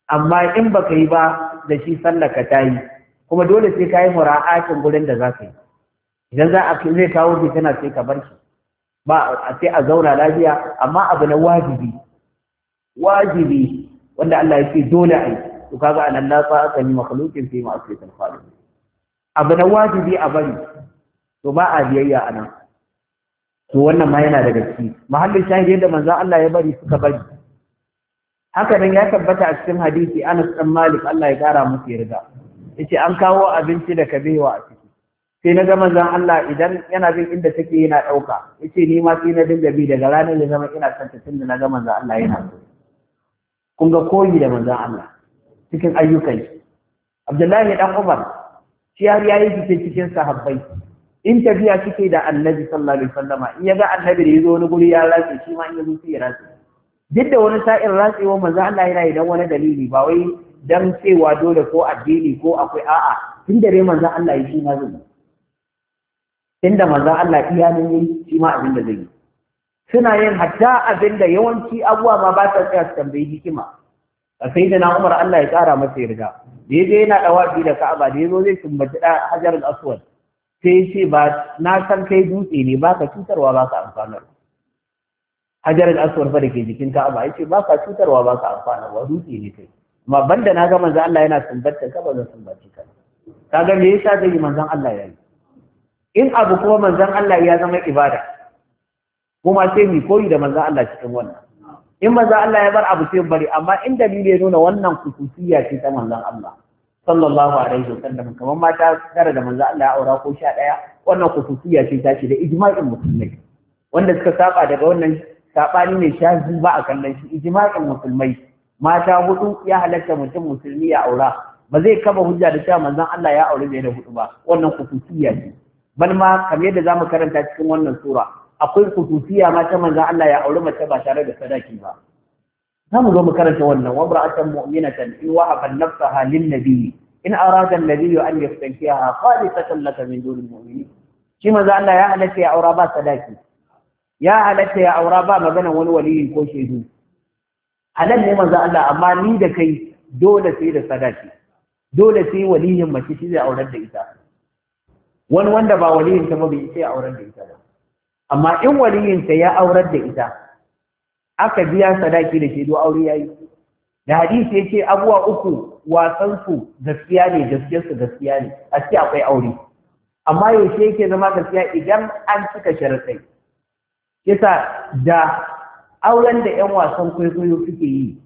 amma in baka yi ba da shi sallaka ta yi kuma dole sai ka yi mura'atin gurin da za ka yi idan za a zai kawo tana sai ka bar shi ba sai a zauna lafiya amma abu na wajibi wajibi wanda Allah ya ce dole a yi to kaga anan la ta'ata li makhluqin fi ma'siyatil khaliq abu na wajibi a bari to ba a biyayya anan to wannan ma yana daga ciki mahallin shahidi yadda manzon Allah ya bari suka bari haka nan ya tabbata a cikin hadisi Anas dan Malik Allah ya kara musu yarda yace an kawo abinci da kabewa a ciki sai na ga manzon Allah idan yana bin inda take yana dauka yace ni ma sai na dinga bi daga ranar da zama ina son ta tunda na ga manzon Allah yana kun ga koyi da manzon Allah cikin ayyukan Abdullahi dan Umar shi har yayi cikin sahabbai in tafiya kike da annabi sallallahu alaihi wasallama in ya ga annabi da yazo wani guri ya rasu shi ma in yazo sai ya rasu duk da wani sa'in ratsewa manzo Allah yana idan wani dalili ba wai dan cewa dole ko addini ko akwai a'a tun da dai manzo Allah ya shi ma zai tun da manzo Allah iya nan shi ma abin da zai suna yin hatta abin da yawanci abuwa ma ba ta tsaya su tambayi hikima a sai da na Umar Allah ya kara masa yarda da yaje yana dawafi da Ka'aba da yazo zai sumbaci hajarul Hajar aswad sai ce ba na san kai dutse ne ba ka cutarwa ba ka Hajar da aswar fa da ke jikin ka'aba ya ce ba ka cutarwa ba ka amfanarwa dutse ne kai amma banda na ga manzon Allah yana sumbatta ka ba zan sumbace ka kaga me yasa zai manzon Allah yayi in abu kuma manzon Allah ya zama ibada kuma sai mu koyi da manzon Allah cikin wannan in manzon Allah ya bar abu sai bari amma in dalili ya nuna wannan kusuciya ce ta manzon Allah sallallahu alaihi wasallam kamar mata tara da manzo Allah ya aura ko sha daya wannan kusuciya ce ta ce da ijma'in musulmai wanda suka saba daga wannan sabani ne shazi ba a kallon shi ijma'in musulmai mata hudu ya halatta mutum musulmi ya aura ba zai kaba hujja da cewa manzon Allah ya aure bai da hudu ba wannan kusuciya ce bal ma kamar yadda zamu karanta cikin wannan sura akwai kusuciya mata, manzan Allah ya aure mace ba tare da sadaki ba zamu zo mu karanta wannan wa bra'atan mu'minatan in wa'afa nafsaha lin nabiyyi in arada alladhi an yastankiha khalisatan laka min dunil mu'minin shi manzo Allah ya halatta ya aura ba sadaki ya halatta ya aura ba maganan wani waliyi ko shedu halal ne manzo Allah amma ni da kai dole sai da sadaki dole sai waliyin mace shi zai aurar da ita wani wanda ba waliyin ta ba bai sai aurar da ita ba amma in waliyin ta ya aurar da ita aka biya sadaki da shedu aure yayi da hadisi yace abuwa uku Wasan su gaskiya ne su gaskiya ne a ce akwai aure amma yaushe yake zama gaskiya idan an cika sharaɗai kisa da auren da 'yan wasan kwaikwayo suke yi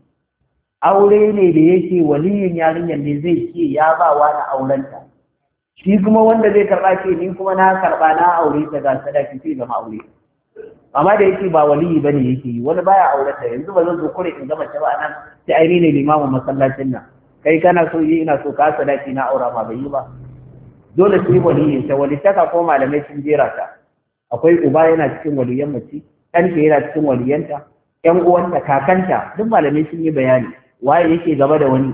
aure ne da yake waliyin yarinyar ne zai ce ya ba wa na aurenta shi kuma wanda zai karɓa ce ni kuma na karɓa na aure ta ga sadaki sai zama aure amma da yake ba waliyi bane yake yi wani baya ta. yanzu ba zan zo kure in gama ta ba nan sai ai ne limamin masallacin nan kai kana so yi ina so ka sadaki na aura ma bai yi ba dole sai waliyin ta walittaka ko malamai sun jera ta akwai uba yana cikin waliyan mace ke yana cikin waliyanta ƴan uwanta kakanta duk malamai sun yi bayani waye yake gaba da wani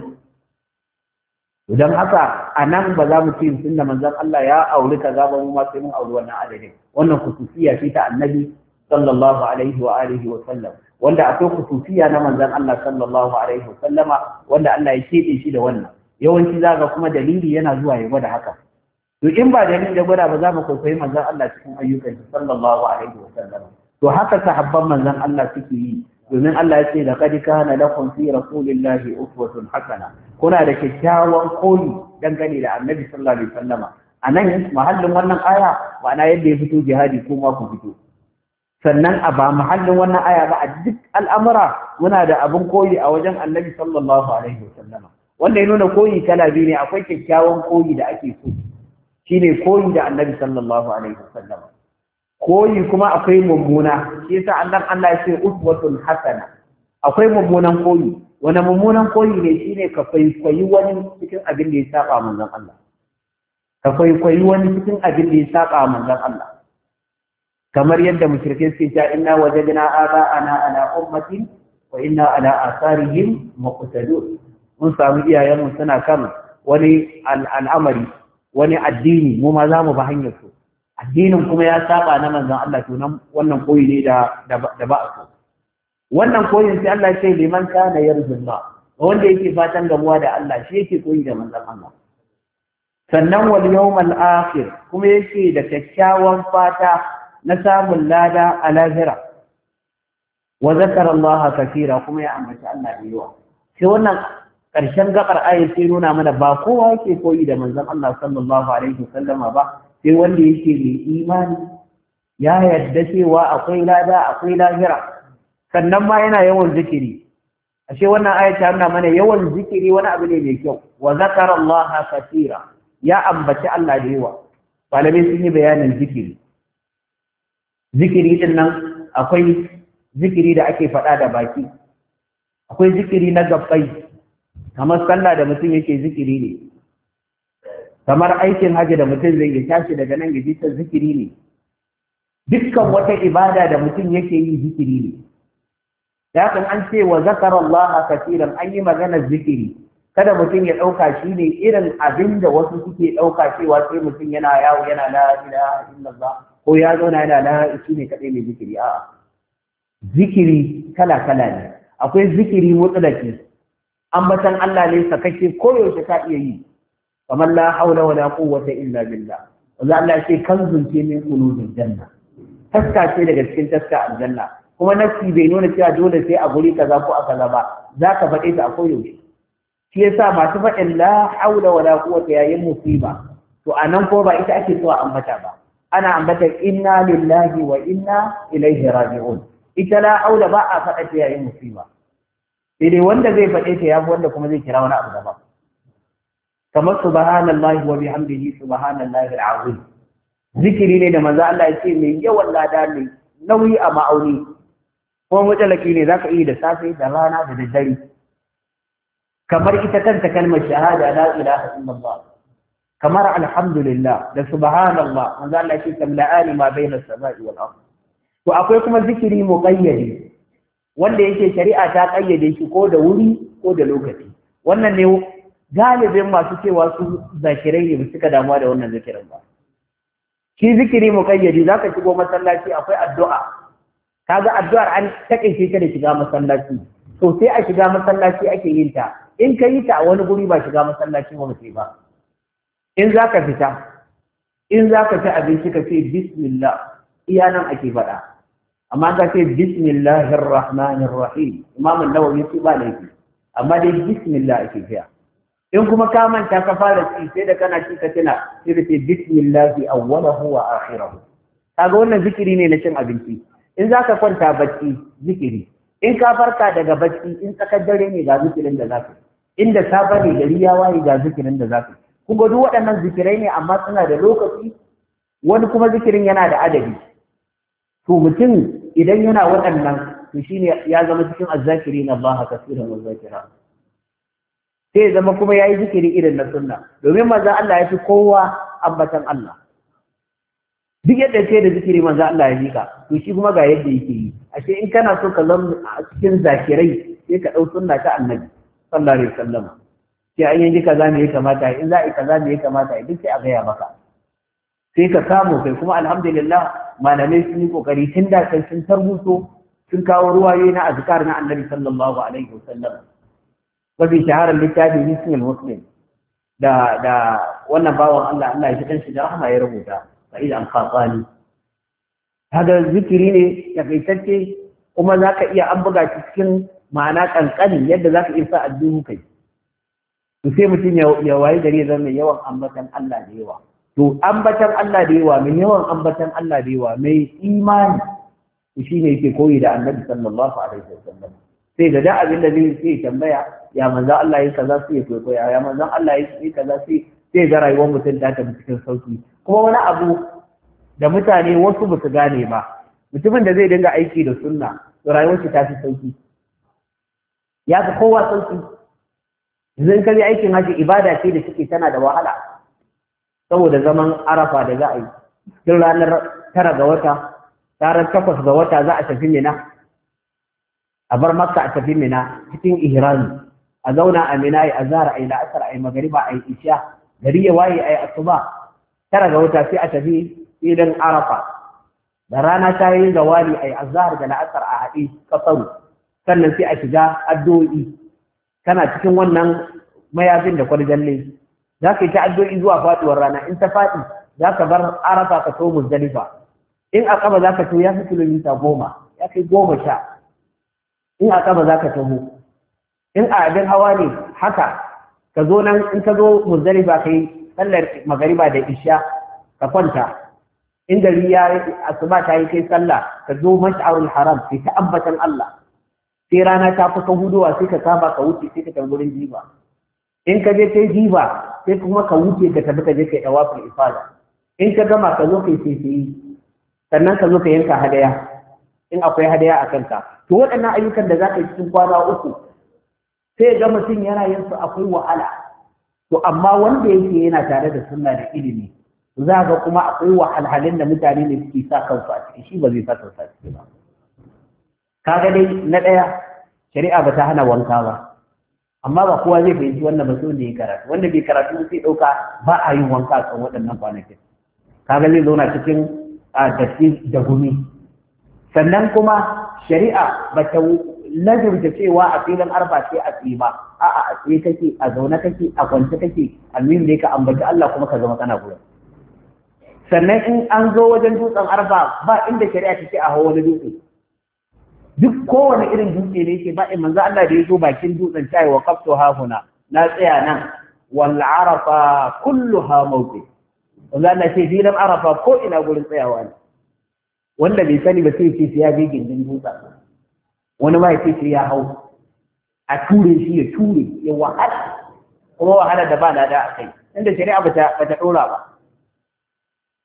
don haka a nan ba za mu ce tun da manzon Allah ya auri kaza ba mu ma sai mun auri wannan adadin wannan kususiya ce ta annabi sallallahu alaihi wa alihi wa sallam wanda akwai kutufiya na manzan Allah sallallahu alaihi wa sallama wanda Allah ya keɓe shi da wannan yawanci zaga kuma dalili yana zuwa ya gwada haka to in ba dalili da gwada ba za mu kwaikwayi manzon Allah cikin ayyukan shi sallallahu alaihi wa sallama to haka sahabban manzan Allah suke yi domin Allah ya ce da kadi kana lakum fi rasulillahi uswatun hasana kuna da kyakkyawan koyi dangane da annabi sallallahu alaihi A nan mahallin wannan aya ma'ana yadda ya fito jihadi ma ku fito sannan a ba muhallin wannan aya ba a duk al'amura muna da abin koyi a wajen annabi sallallahu alaihi wasallama wanda ya nuna koyi kala biyu ne akwai kyakkyawan koyi da ake so shine koyi da annabi sallallahu alaihi wasallama koyi kuma akwai mummuna shi yasa Allah Allah ya ce uswatun hasana akwai mummunan koyi wani mummunan koyi ne shine ka kwaikwayi wani cikin abin da ya saba manzon Allah ka kwaikwayi wani cikin abin da ya saba manzon Allah kamar yadda mushrikai suke cewa inna wajadna aba'ana ala ummatin wa inna ala asarihim muqtadun mun samu iyayenmu suna kan wani al'amari wani addini mu ma za mu ba hanyar su addinin kuma ya saba na manzon Allah to nan wannan koyi ne da da ba so wannan koyin sai Allah ya ce liman kana yarjullah wanda yake fatan gamuwa da Allah shi yake koyi da manzon Allah sannan wal yawmal akhir kuma yake da kyakkyawan fata na samun lada a lahira wa zakara Allah kafira kuma ya ambaci Allah da yawa sai wannan karshen gabar ayat sai nuna mana ba kowa yake koyi da manzon Allah sallallahu alaihi wasallama ba sai wanda yake mai imani ya yarda cewa akwai lada akwai lahira sannan ma yana yawan zikiri ashe wannan ayat ta nuna mana yawan zikiri wani abu ne mai kyau wa zakara Allah kafira ya ambaci Allah da yawa malamai sun yi bayanin zikiri zikiri din nan akwai zikiri da ake faɗa da baki akwai zikiri na gabbai kamar sallah da mutum yake zikiri ne kamar aikin haji da mutum zai yi tashi daga nan ya ta zikiri ne dukkan wata ibada da mutum yake yi zikiri ne kan an ce wa zakarallaha kaseeran an yi maganar zikiri kada mutum ya ɗauka shi ne irin abin da wasu suke ɗauka cewa sai mutum yana yawo yana la ilaha illallah ko ya zauna yana na shi ne kaɗai mai zikiri a'a zikiri kala kala ne akwai zikiri mutsalaki ambatan Allah ne kake koyaushe ka iya yi kamar la haula wala quwwata illa billah wanda Allah ya ce kan zunce min qulubil janna taska ce daga cikin taska aljanna kuma nafsi bai nuna cewa dole sai a guri kaza ko a kaza ba zaka faɗe ta a koyaushe shi yasa masu faɗin la haula wala quwwata yayin musiba to a nan ko ba ita ake so a ambata ba ana ambatar inna lillahi wa inna ilaihi raji'un ita la aula ba a faɗa ta yayin musiba sai dai wanda zai faɗe ta yafi wanda kuma zai kira wani abu daban kamar subhanallahi wa bihamdihi subhanallahi al'azim zikiri ne da manzo Allah ya ce mai yawan lada ne nauyi a ma'auni ko mutalaki ne zaka yi da safe da rana da daddare kamar ita kanta kalmar shahada la ilaha illallah kamar alhamdulillah da subhanallah manzo Allah ya ce tamla'ani ma baina samai wal ardh to akwai kuma zikiri muqayyadi wanda yake shari'a ta kayyade shi ko da wuri ko da lokaci wannan ne galibin masu cewa su zakirai ne suka damuwa da wannan zikirin ba shi zikiri muqayyadi zaka shigo masallaci akwai addu'a kaga addu'ar an takaice ta da shiga masallaci to sai a shiga masallaci ake yin ta in ka yi ta a wani guri ba shiga masallaci ba mutai ba in za ka fita in za ka ci abinci ka ce bismillah iya nan ake faɗa amma ka ce bismillahir rahmanir rahim imam an-nawawi ce ba laifi amma dai bismillah ake fiya in kuma ka manta ka fara ci sai da kana ci ka tuna sai ka ce bismillah awwalahu wa akhirahu kaga wannan zikiri ne na cin abinci in za ka kwanta bacci zikiri in ka farka daga bacci in tsakar dare ne ga zikirin da za ka inda safa ne gari ya waye ga zikirin da za ka kun ga duk waɗannan zikirai ne amma suna da lokaci wani kuma zikirin yana da adadi to mutum idan yana waɗannan to shine ya zama cikin azzakiri na haka kasiran wa zakira sai zama kuma yayi zikiri irin na sunna domin manzo Allah ya fi kowa ambatan Allah duk yadda ce da zikiri manzo Allah ya jika to shi kuma ga yadda yake yi ashe in kana so ka zama cikin zakirai sai ka dau sunna ta annabi sallallahu alaihi wasallam sai an yanki kaza me ya kamata in za a yi kaza me ya kamata duk sai a gaya maka sai ka samu kai kuma alhamdulillah malamai sun yi kokari tun da kai sun tarbuto sun kawo ruwaye na azkar na annabi sallallahu alaihi wasallam mafi shaharar littafin hisnul muslim da da wannan bawan Allah Allah ya ji kanshi da rahama ya rubuta sa'id al-khatani hada zikiri ne takaitacce kuma zaka iya an buga cikin ma'ana kankani yadda zaka iya sa addu'u kai to sai mutum ya wayi gari zan yawan ambatan Allah da yawa to ambatan Allah da yawa mai yawan ambatan Allah da yawa mai imani shi ne yake koyi da annabi sallallahu alaihi wasallam sai da da abin da zai sai tambaya ya manzon Allah yayi kaza sai ya koyi ya manzon Allah yayi kaza sai sai ga rayuwar mutum ta tafi cikin sauki kuma wani abu da mutane wasu ba su gane ba mutumin da zai dinga aiki da sunna rayuwar shi ta fi sauki ya fi kowa sauki yanzu ka aikin haji ibada ce da suke tana da wahala saboda zaman arafa da za a yi tun ranar tara ga wata ranar takwas ga wata za a tafi mina a bar makka a tafi mina cikin ihrami a zauna a mina a zara a yi la'asar a yi magariba a yi isha gari ya waye a yi asuba tara ga wata sai a tafi filin arafa da rana ta yi zawali a yi azahar da la'asar a haɗi ƙasaru sannan sai a shiga addu'o'i kana cikin wannan mayafin da ne? za ka yi ta zuwa faɗuwar rana in ta faɗi za ka bar arafa ka to muzdalifa in a kaba za ka to ya fi kilomita goma ya kai goma sha in a kaba za ka taho in a abin hawa ne haka ka zo nan in ka zo muzdalifa ka yi sallar magariba da isha ka kwanta in gari ya asuba ta yi kai sallah ka zo mash'arul haram kai ta Allah sai rana ta ka hudowa sai ka saba ka wuce sai ka tambarin jiba in ka je kai jiba sai kuma ka wuce ka tabi ka je kai fil ifada in ka gama ka zo kai sai sannan ka zo ka yanka hadaya in akwai hadaya a kanka to waɗannan ayyukan da za ka yi cikin kwana uku sai ga mutum yana yin su akwai wahala to amma wanda yake yana tare da sunna da ilimi za ga kuma akwai wahalhalin da mutane ne suke sa kansu a ciki shi ba zai sa kansu a ciki ba kaga dai na ɗaya shari'a ba ta hana wanka ba amma ba kowa zai fahimci wannan ba sai wanda ya karatu wanda bai karatu sai ɗauka ba a yin wanka a kan waɗannan kwanakin kaga zai zauna cikin datti da gumi sannan kuma shari'a ba ta lazurta cewa a filin arba ce a tsaye ba a'a a tsaye kake a zaune kake a kwance kake nuna ne ka ambaci Allah kuma ka zama kana gudu sannan in an zo wajen dutsen arba ba inda shari'a take a hawa wani dutse duk kowane irin dutse ne yake ba'in manzo Allah da ya zo bakin dutsen tayi wa qabtu ha huna na tsaya nan wal arafa kulluha mawqi manzo Allah ce dinan arafa ko ina gurin tsayawa ne wanda bai sani ba sai ce ya bi gindin dutsen wani ma ya ce ya hau a ture shi ya ture ya wahala kuma wahala da ba na a kai inda shari'a bata ta dora ba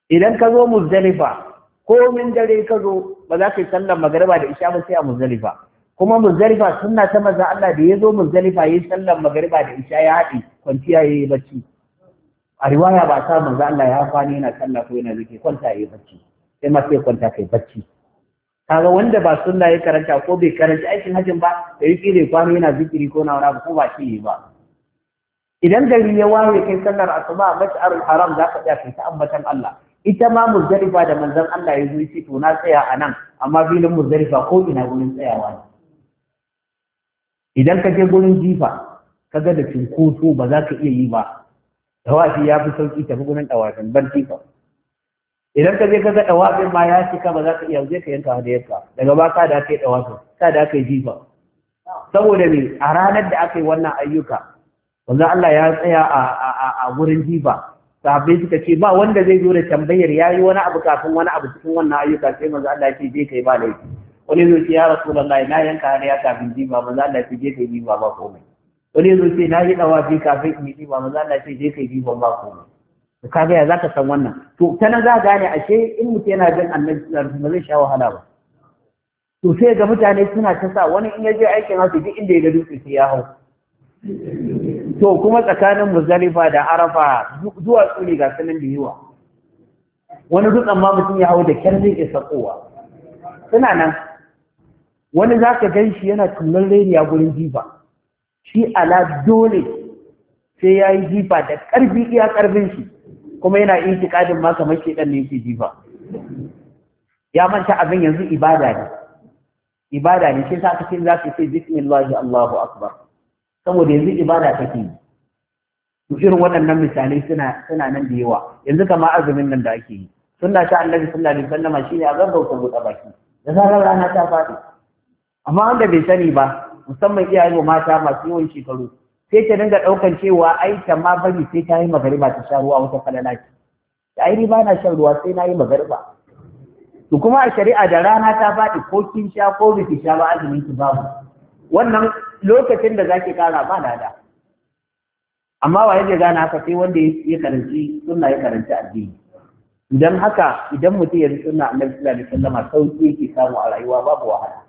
idan ka zo muzdalifa komin dare ka zo ba za ka yi sallar magariba da isha ba sai a muzdalifa kuma muzdalifa sunna ta maza Allah da ya zo muzdalifa yayi sallar magariba da isha ya haɗe kwanciya yayi bacci a riwaya ba ta maza Allah ya kwana yana sallah ko yana zikiri kwanta yayi bacci sai ma sai kwanta kai bacci kaga wanda ba sunna ya karanta ko bai karanta aikin hajjin ba da yake da kwano yana zikiri ko na wani ko ba shi ba idan gari ya waye kai sallar asuba mash'arul haram za ka tsaya kai ta ambatan Allah ita ma muzdalifa da manzon Allah ya zuci to na tsaya a nan amma filin muzdalifa ko ina gurin tsayawa ne idan ka je gurin jifa ka ga da cinkoso ba za ka iya yi ba tawafi ya fi sauki tafi gurin tawafin ban jifa idan ka je ka ga tawafin ma ya cika ba za ka iya je ka yanka da yanka daga ba ka da kai tawafin ka da kai jifa saboda me a ranar da aka yi wannan ayyuka wanzan Allah ya tsaya a gurin jifa sahabbai suka ce ba wanda zai zo da tambayar yayi wani abu kafin wani abu cikin wannan ayyuka sai manzo Allah ce je kai ba laifi wani zo ce ya rasulullahi na yanka hannu ya kafin ba manzo Allah ce je kai ji ba komai wani zo ce na yi dawafi kafin in yi ba manzo Allah ce je kai ji ba komai to ga ya zaka san wannan to ta nan za gane ashe in mutum yana jin annabi sallallahu alaihi zai sha wahala ba to sai ga mutane suna ta sa wani in ya je aikin haka duk inda ya ga dutse sai ya hau to kuma tsakanin muzalifa da arafa zuwa tsuri ga sanin da yiwa wani dutsen ma mutum ya hau da kyar zai isa kowa suna nan wani za ka gan shi yana tunan rediya gurin jifa shi ala dole sai ya yi jifa da ƙarfi iya ƙarfin shi kuma yana yin kadin ma kamar shi ɗan ne yake jifa ya manta abin yanzu ibada ne ibada ne shi sa aka ce za ka ce bismillahi Allahu akbar saboda yanzu ibada take yi to irin waɗannan misalai suna suna nan da yawa yanzu kamar azumin nan da ake yi sunna ta annabi sallallahu alaihi wasallama shine a bauta buɗa baki da zarar rana ta faɗi amma wanda bai sani ba musamman iyaye mata masu yawan shekaru sai ta dinga ɗaukan cewa ai ta ma bari sai ta yi magariba ta sha ruwa wata falala ce da ai ba na shan ruwa sai na yi magariba to kuma a shari'a da rana ta faɗi ko kin sha ko biki sha ba azumin ki babu wannan lokacin da zaki kara ba lada amma waye zai gane haka sai wanda ya karanci sunna ya karanci addini Idan haka idan mutum ya sunna annabi sallallahu alaihi wasallam sauki yake samu a rayuwa babu wahala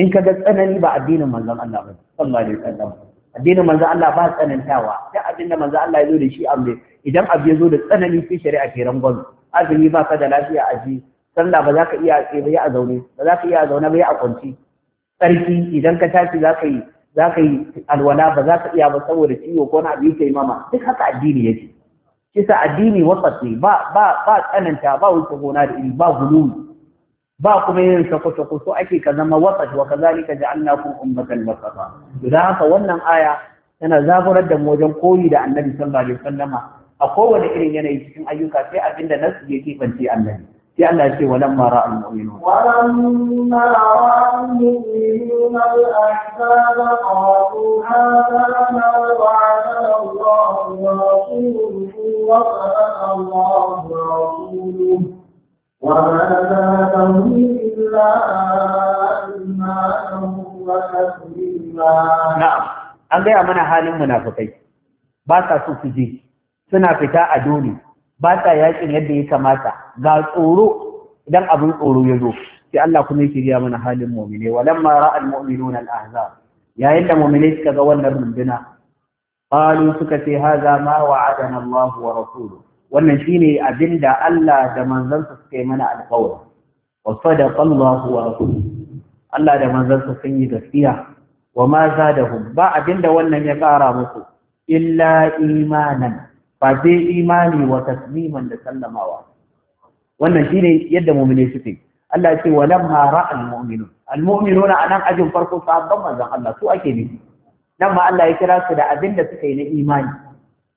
in ka ga tsanani ba addinin manzon Allah ba sallallahu alaihi wasallam addinin manzon Allah ba tsanantawa duk abin da manzon Allah ya zo da shi a mai idan abu ya zo da tsanani sai shari'a ke rangon azumi ba ka da lafiya a ji sallah ba za ka iya a tsaye ba ya a zaune ba za ka iya a zaune ba ya a kwanci tsarki idan ka tashi za ka yi za ka yi alwala ba za ka iya ba saboda ciwo ko na biyu kai mama duk haka addini yake kisa addini wasat ne ba ba ba tsananta ba wuce gona da iri ba gulu ba kuma yin sakwata so ake ka zama Waka wasat wa kazalika ja'alnakum ummatan wasata idan haka wannan aya tana zaburar da mu wajen koyi da annabi sallallahu alaihi wasallama a kowane irin yanayi cikin ayyuka sai abinda nasu yake bance annabi يالله يقول ولما راى المؤمنون ولما راى المؤمنون الاحزاب قالوا هذا ما وعد الله ورسوله وصدق الله ورسوله وما زادهم الا ايمانهم وتسليما نعم an gaya mana halin munafukai ba sa su fije دوني ba ta yakin yadda ya kamata ga tsoro idan abin tsoro ya zo sai Allah kuma yake riya mana halin mu'mine walamma al mu'minuna al-ahzab yayin da mu'mine suka ga wannan runduna qalu suka ce haza ma wa'adana Allah wa rasuluhu wannan shine abinda Allah da manzansa suka yi mana alƙawari wa sadaqa Allah wa rasuluhu Allah da manzansa sun yi gaskiya wa ma zadahum ba abinda wannan ya ƙara musu illa imanan fa sai imani wa tasliman da sallamawa wannan shine yadda mu'mini suke Allah ce wa hara al mu'minun al mu'minuna anan ajin farko sabon manzon Allah su ake ne nan ma Allah ya kira su da abin da suka yi na imani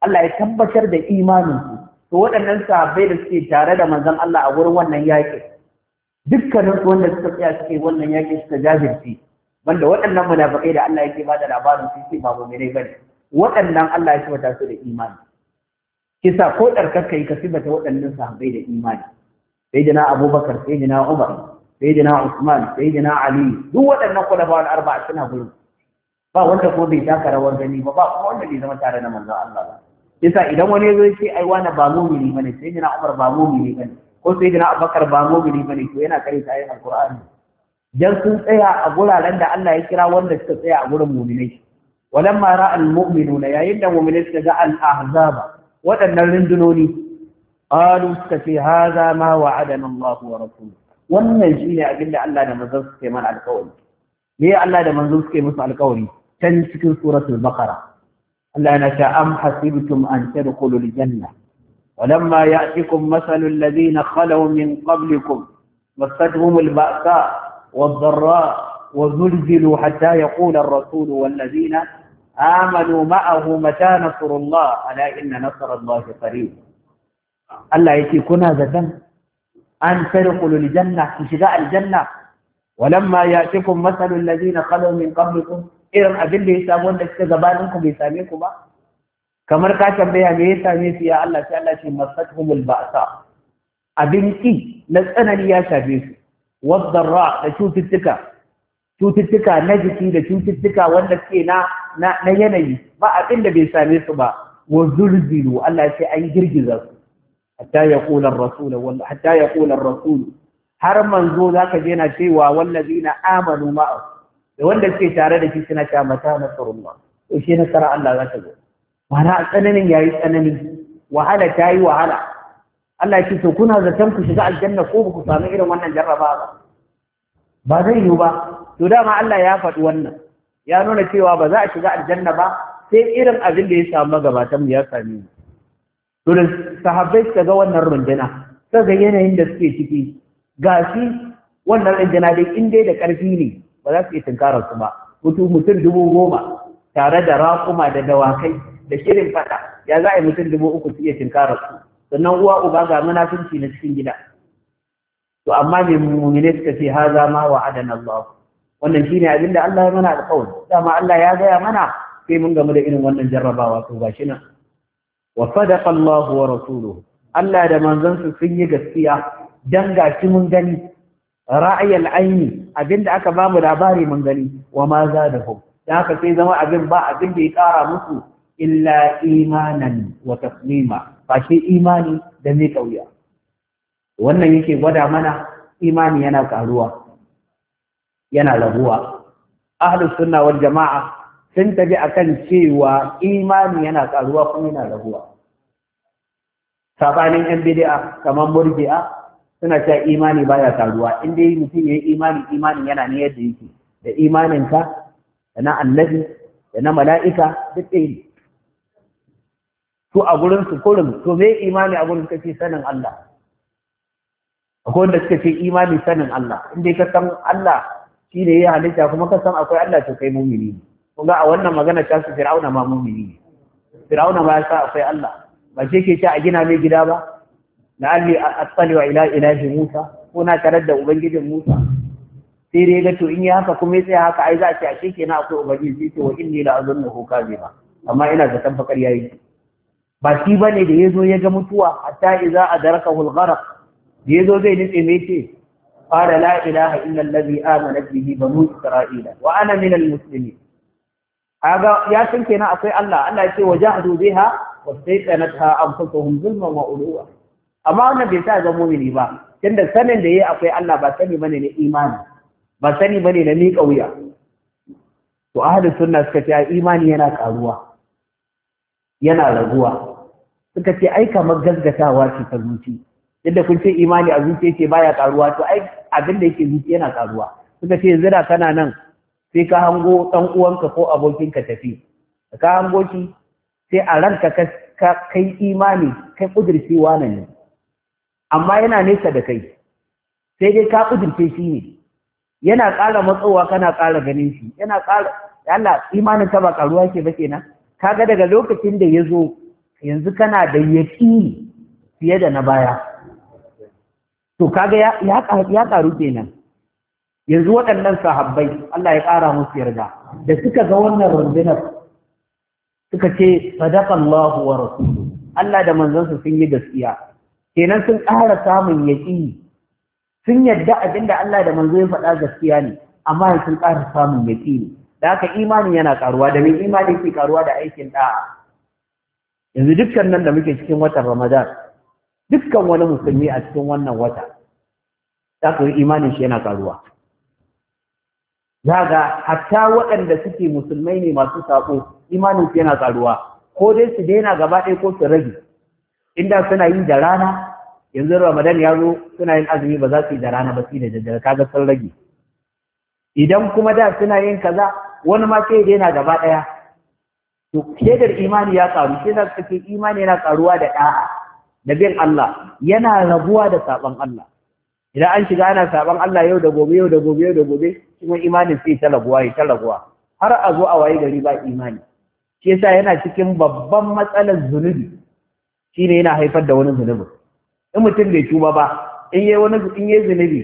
Allah ya tabbatar da imanin su to waɗannan sahabbai da suke tare da manzon Allah a wurin wannan yaƙi dukkanin wanda suka tsaya suke wannan yaƙi suka jajirce banda waɗannan munafikai da Allah yake ba da labarin su ce ba mu'minai bane waɗannan Allah ya tabbata su da imani kisa ko ɗarkarka yi ka sibata waɗannan sahabbai da imani sai na abubakar sai na umar sai na usman sai na ali duk waɗannan kwalaba arba'a suna gurin ba wanda ko bai taka rawar gani ba ba kuma wanda bai zama tare da manzon Allah ba yasa idan wani ya zo ce ai wani ba mumini bane sai jina Umar ba mumini bane ko sai jina Abubakar ba mumini bane to yana kare ta ayin Alqur'ani dan sun tsaya a guraren da Allah ya kira wanda suka tsaya a gurin muminai walamma ra'al mu'minuna yayin da muminai suka ga al-ahzaba waɗannan rundunoni qalu suka ce hadha ma wa'adana Allah wa rasuluhu wannan shine abin da Allah da manzon suke mana alƙawari me Allah da manzon suke musu alƙawari tan cikin suratul baqara Allah yana ta am hasibtum an tadkhulu aljanna wa lamma ya'tikum tadkhulul alladhina khalu min qablikum الذين alba'sa wadh-dharra wa zulzilu hatta yaqula ar-rasulu wal ladina amanu ma'ahu mata nasrullah ala inna nasrallahi qarib Allah yake kuna zaton an tarqulu janna ku shiga aljanna walamma ya'tikum mathalu alladhina khalu min qablikum irin abin da ya samu wanda suka gabanin ku bai same ku ba kamar ka tambaya me ya same su ya Allah sai Allah ce masathumul ba'sa abin ki na tsanani ya shafe su wadarra da cututtuka cututtuka na jiki da cututtuka wanda suke na na yanayi ba abin da bai same su ba wa zulzilu Allah sai an girgiza su hatta yaqula ar-rasul wallahi hatta yaqula ar-rasul har manzo zaka je na cewa wallazina amanu ma'a da wanda ke tare da shi suna cewa mata nasrullah to shi nasara Allah zaka zo mana tsananin yayi tsanani wahala ta yi wahala Allah ya ce to kuna zaton ku shiga aljanna ko ku samu irin wannan jarraba ba ba zai yiwu ba to dama Allah ya faɗi wannan ya nuna cewa ba za a shiga aljanna ba sai irin abin da ya samu magabatan mu ya sami mu to da sahabbai suka ga wannan runduna suka ga yanayin da suke ciki gashi wannan runduna dai in dai da karfi ne ba za su iya tunkarar su ba mutum mutum dubu goma tare da raƙuma da dawakai da shirin fada ya za a yi mutum dubu uku su iya tunkarar su sannan uwa uba ga munafunci na cikin gida to amma mai mummune suka ce haza ma wa'adana Allah wannan shine abin da Allah ya mana alƙawari dama Allah ya gaya mana sai mun gamu da irin wannan jarrabawa to gashi nan wa sadaqa Allah wa rasuluhu Allah da manzansu sun yi gaskiya dan gashi mun gani ra'ayal aini abinda aka ba mu labari mun gani wa ma zadahum dan haka sai zama abin ba abin da ya kara musu illa imanan wa taslima ba shi imani da mai kauya wannan yake gwada mana imani yana karuwa yana rabuwa ahlus sunna wal jama'a sun tafi akan cewa imani yana karuwa kuma yana rabuwa sabanin yan bid'a kamar murji'a suna cewa imani baya karuwa in dai mutum yayi imani imani yana ne yadda yake da ka da na annabi da na mala'ika duk ɗaya to a gurin su kurin to me imani a gurin kace sanin Allah akwai wanda suka ce imani sanin Allah in dai ka san Allah shi ne ya halitta kuma ka san akwai Allah to kai mumini kun a wannan magana ta su fir'auna ma mumini fir'auna ma ya sa akwai Allah ba ce ke ta a gina mai gida ba alli a wa ila ilahi Musa ko na tarar da ubangijin Musa sai dai ga to in yi haka kuma ya tsaya haka ai za a ce a ashe kenan akwai ubangiji sai ce wa inni la azunnuhu ba? amma ina zaton fakar yayi ba shi bane da yazo ya ga mutuwa hatta idza adrakahu al-gharq da yazo zai nitse mai ce قال لا إله إلا الذي آمنت به بنو إسرائيل وأنا من المسلمين هذا يا سنكنا أطيع الله الله يقول وجاهدوا بها واستيقنتها أنفسهم ظلما وألوا أما النبي صلى الله عليه وسلم tunda sanin da yayi akwai Allah ba sani bane na imani ba sani bane na miƙa wuya to ahli suka ce imani yana karuwa yana raguwa suka ce ai kamar gaggatawa ce ta zuci yadda kun ce imani a zuci yake baya karuwa to ai abin da yake zuci yana karuwa suka ce yanzu kana nan sai ka hango dan uwanka ko abokinka tafi ka hango shi sai a ranka ka kai imani kai kudirce wani ne amma yana nesa da kai sai dai ka kudirce shi ne yana ƙara matsowa kana ƙara ganin shi yana ƙara Allah imanin ka ba karuwa ke ba kenan kaga daga lokacin da ya zo yanzu kana da yaki fiye da na baya to kaga ya ya karu kenan yanzu waɗannan sahabbai Allah ya ƙara musu yarda da suka ga wannan rundunar suka ce sadaqallahu wa rasuluhu Allah da sa sun yi gaskiya kenan sun ƙara samun yaki sun yadda abinda Allah da manzo ya faɗa gaskiya ne amma sun ƙara samun yaƙini da haka imani yana karuwa da mai imani yake karuwa da aikin da'a yanzu dukkan nan da muke cikin watan Ramadan dukkan wani musulmi a cikin wannan wata za ka imanin shi yana karuwa za hatta waɗanda suke musulmai ne masu saƙo imanin su yana karuwa ko dai su daina gaba ɗaya ko su rage inda suna yi da rana yanzu ramadan ya zo suna yin azumi ba za su yi da rana ba su da daddare kaga sun rage idan kuma da suna yin kaza wani ma sai daina gaba ɗaya to shaidar imani ya karu shi za su ce imani yana karuwa da ɗa'a da bin Allah yana rabuwa da saɓon Allah idan an shiga ana saban Allah yau da gobe yau da gobe yau da gobe kuma imanin sai ta raguwa ya ta raguwa har a zo a waye gari ba imani shi yasa yana cikin babban matsalar zunubi shine yana haifar da wani zunubi in mutum bai tuba ba in yayi wani in yayi zunubi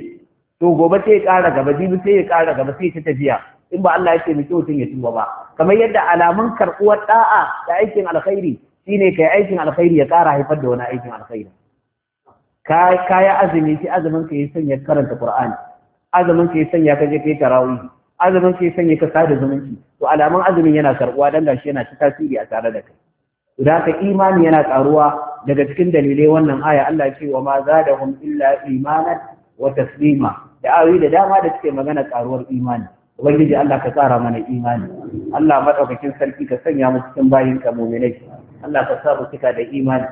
to gobe sai ya ƙara gaba jibi sai ya ƙara gaba sai ta tafiya in ba Allah ya ce mutum ya tuba ba kamar yadda alamun karɓuwar da'a da aikin alkhairi shine kai aikin alkhairi ya ƙara haifar da wani aikin alkhairi ka kaya azumi shi azumin ka yi sanya karanta qur'ani azumin ka yi sanya ka je kai tarawih azumin ka yi sanya ka sada zumunci to alamun azumin yana karbuwa dan gashi yana ci tasiri a tare da kai idan ka imani yana karuwa daga cikin dalilai wannan aya Allah ya ce wa ma zadahum illa imanan wa taslima da ayoyi da dama da suke magana karuwar imani ubangiji Allah ka tsara mana imani Allah madaukakin sarki ka sanya mu cikin bayin ka mu'minai Allah ka sa mu cika da imani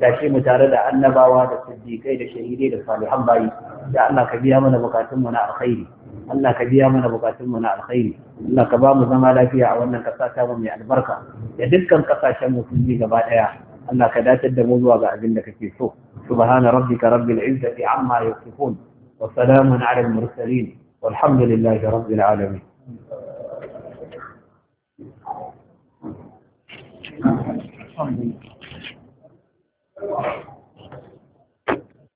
da mu tare da annabawa da siddiƙai da shahidai da salihan bayi ya Allah ka biya mana bukatun mu na alkhairi Allah ka biya mana bukatun mu na alkhairi Allah ka ba mu zama lafiya a wannan kasa ta mu mai albarka da dukkan kasashen musulmi gaba daya Allah ka dace da mu zuwa ga abin da kake so subhana rabbika rabbil izzati amma yasifun wa salamun ala al mursalin walhamdulillahi rabbil alamin Thank you. Thank you.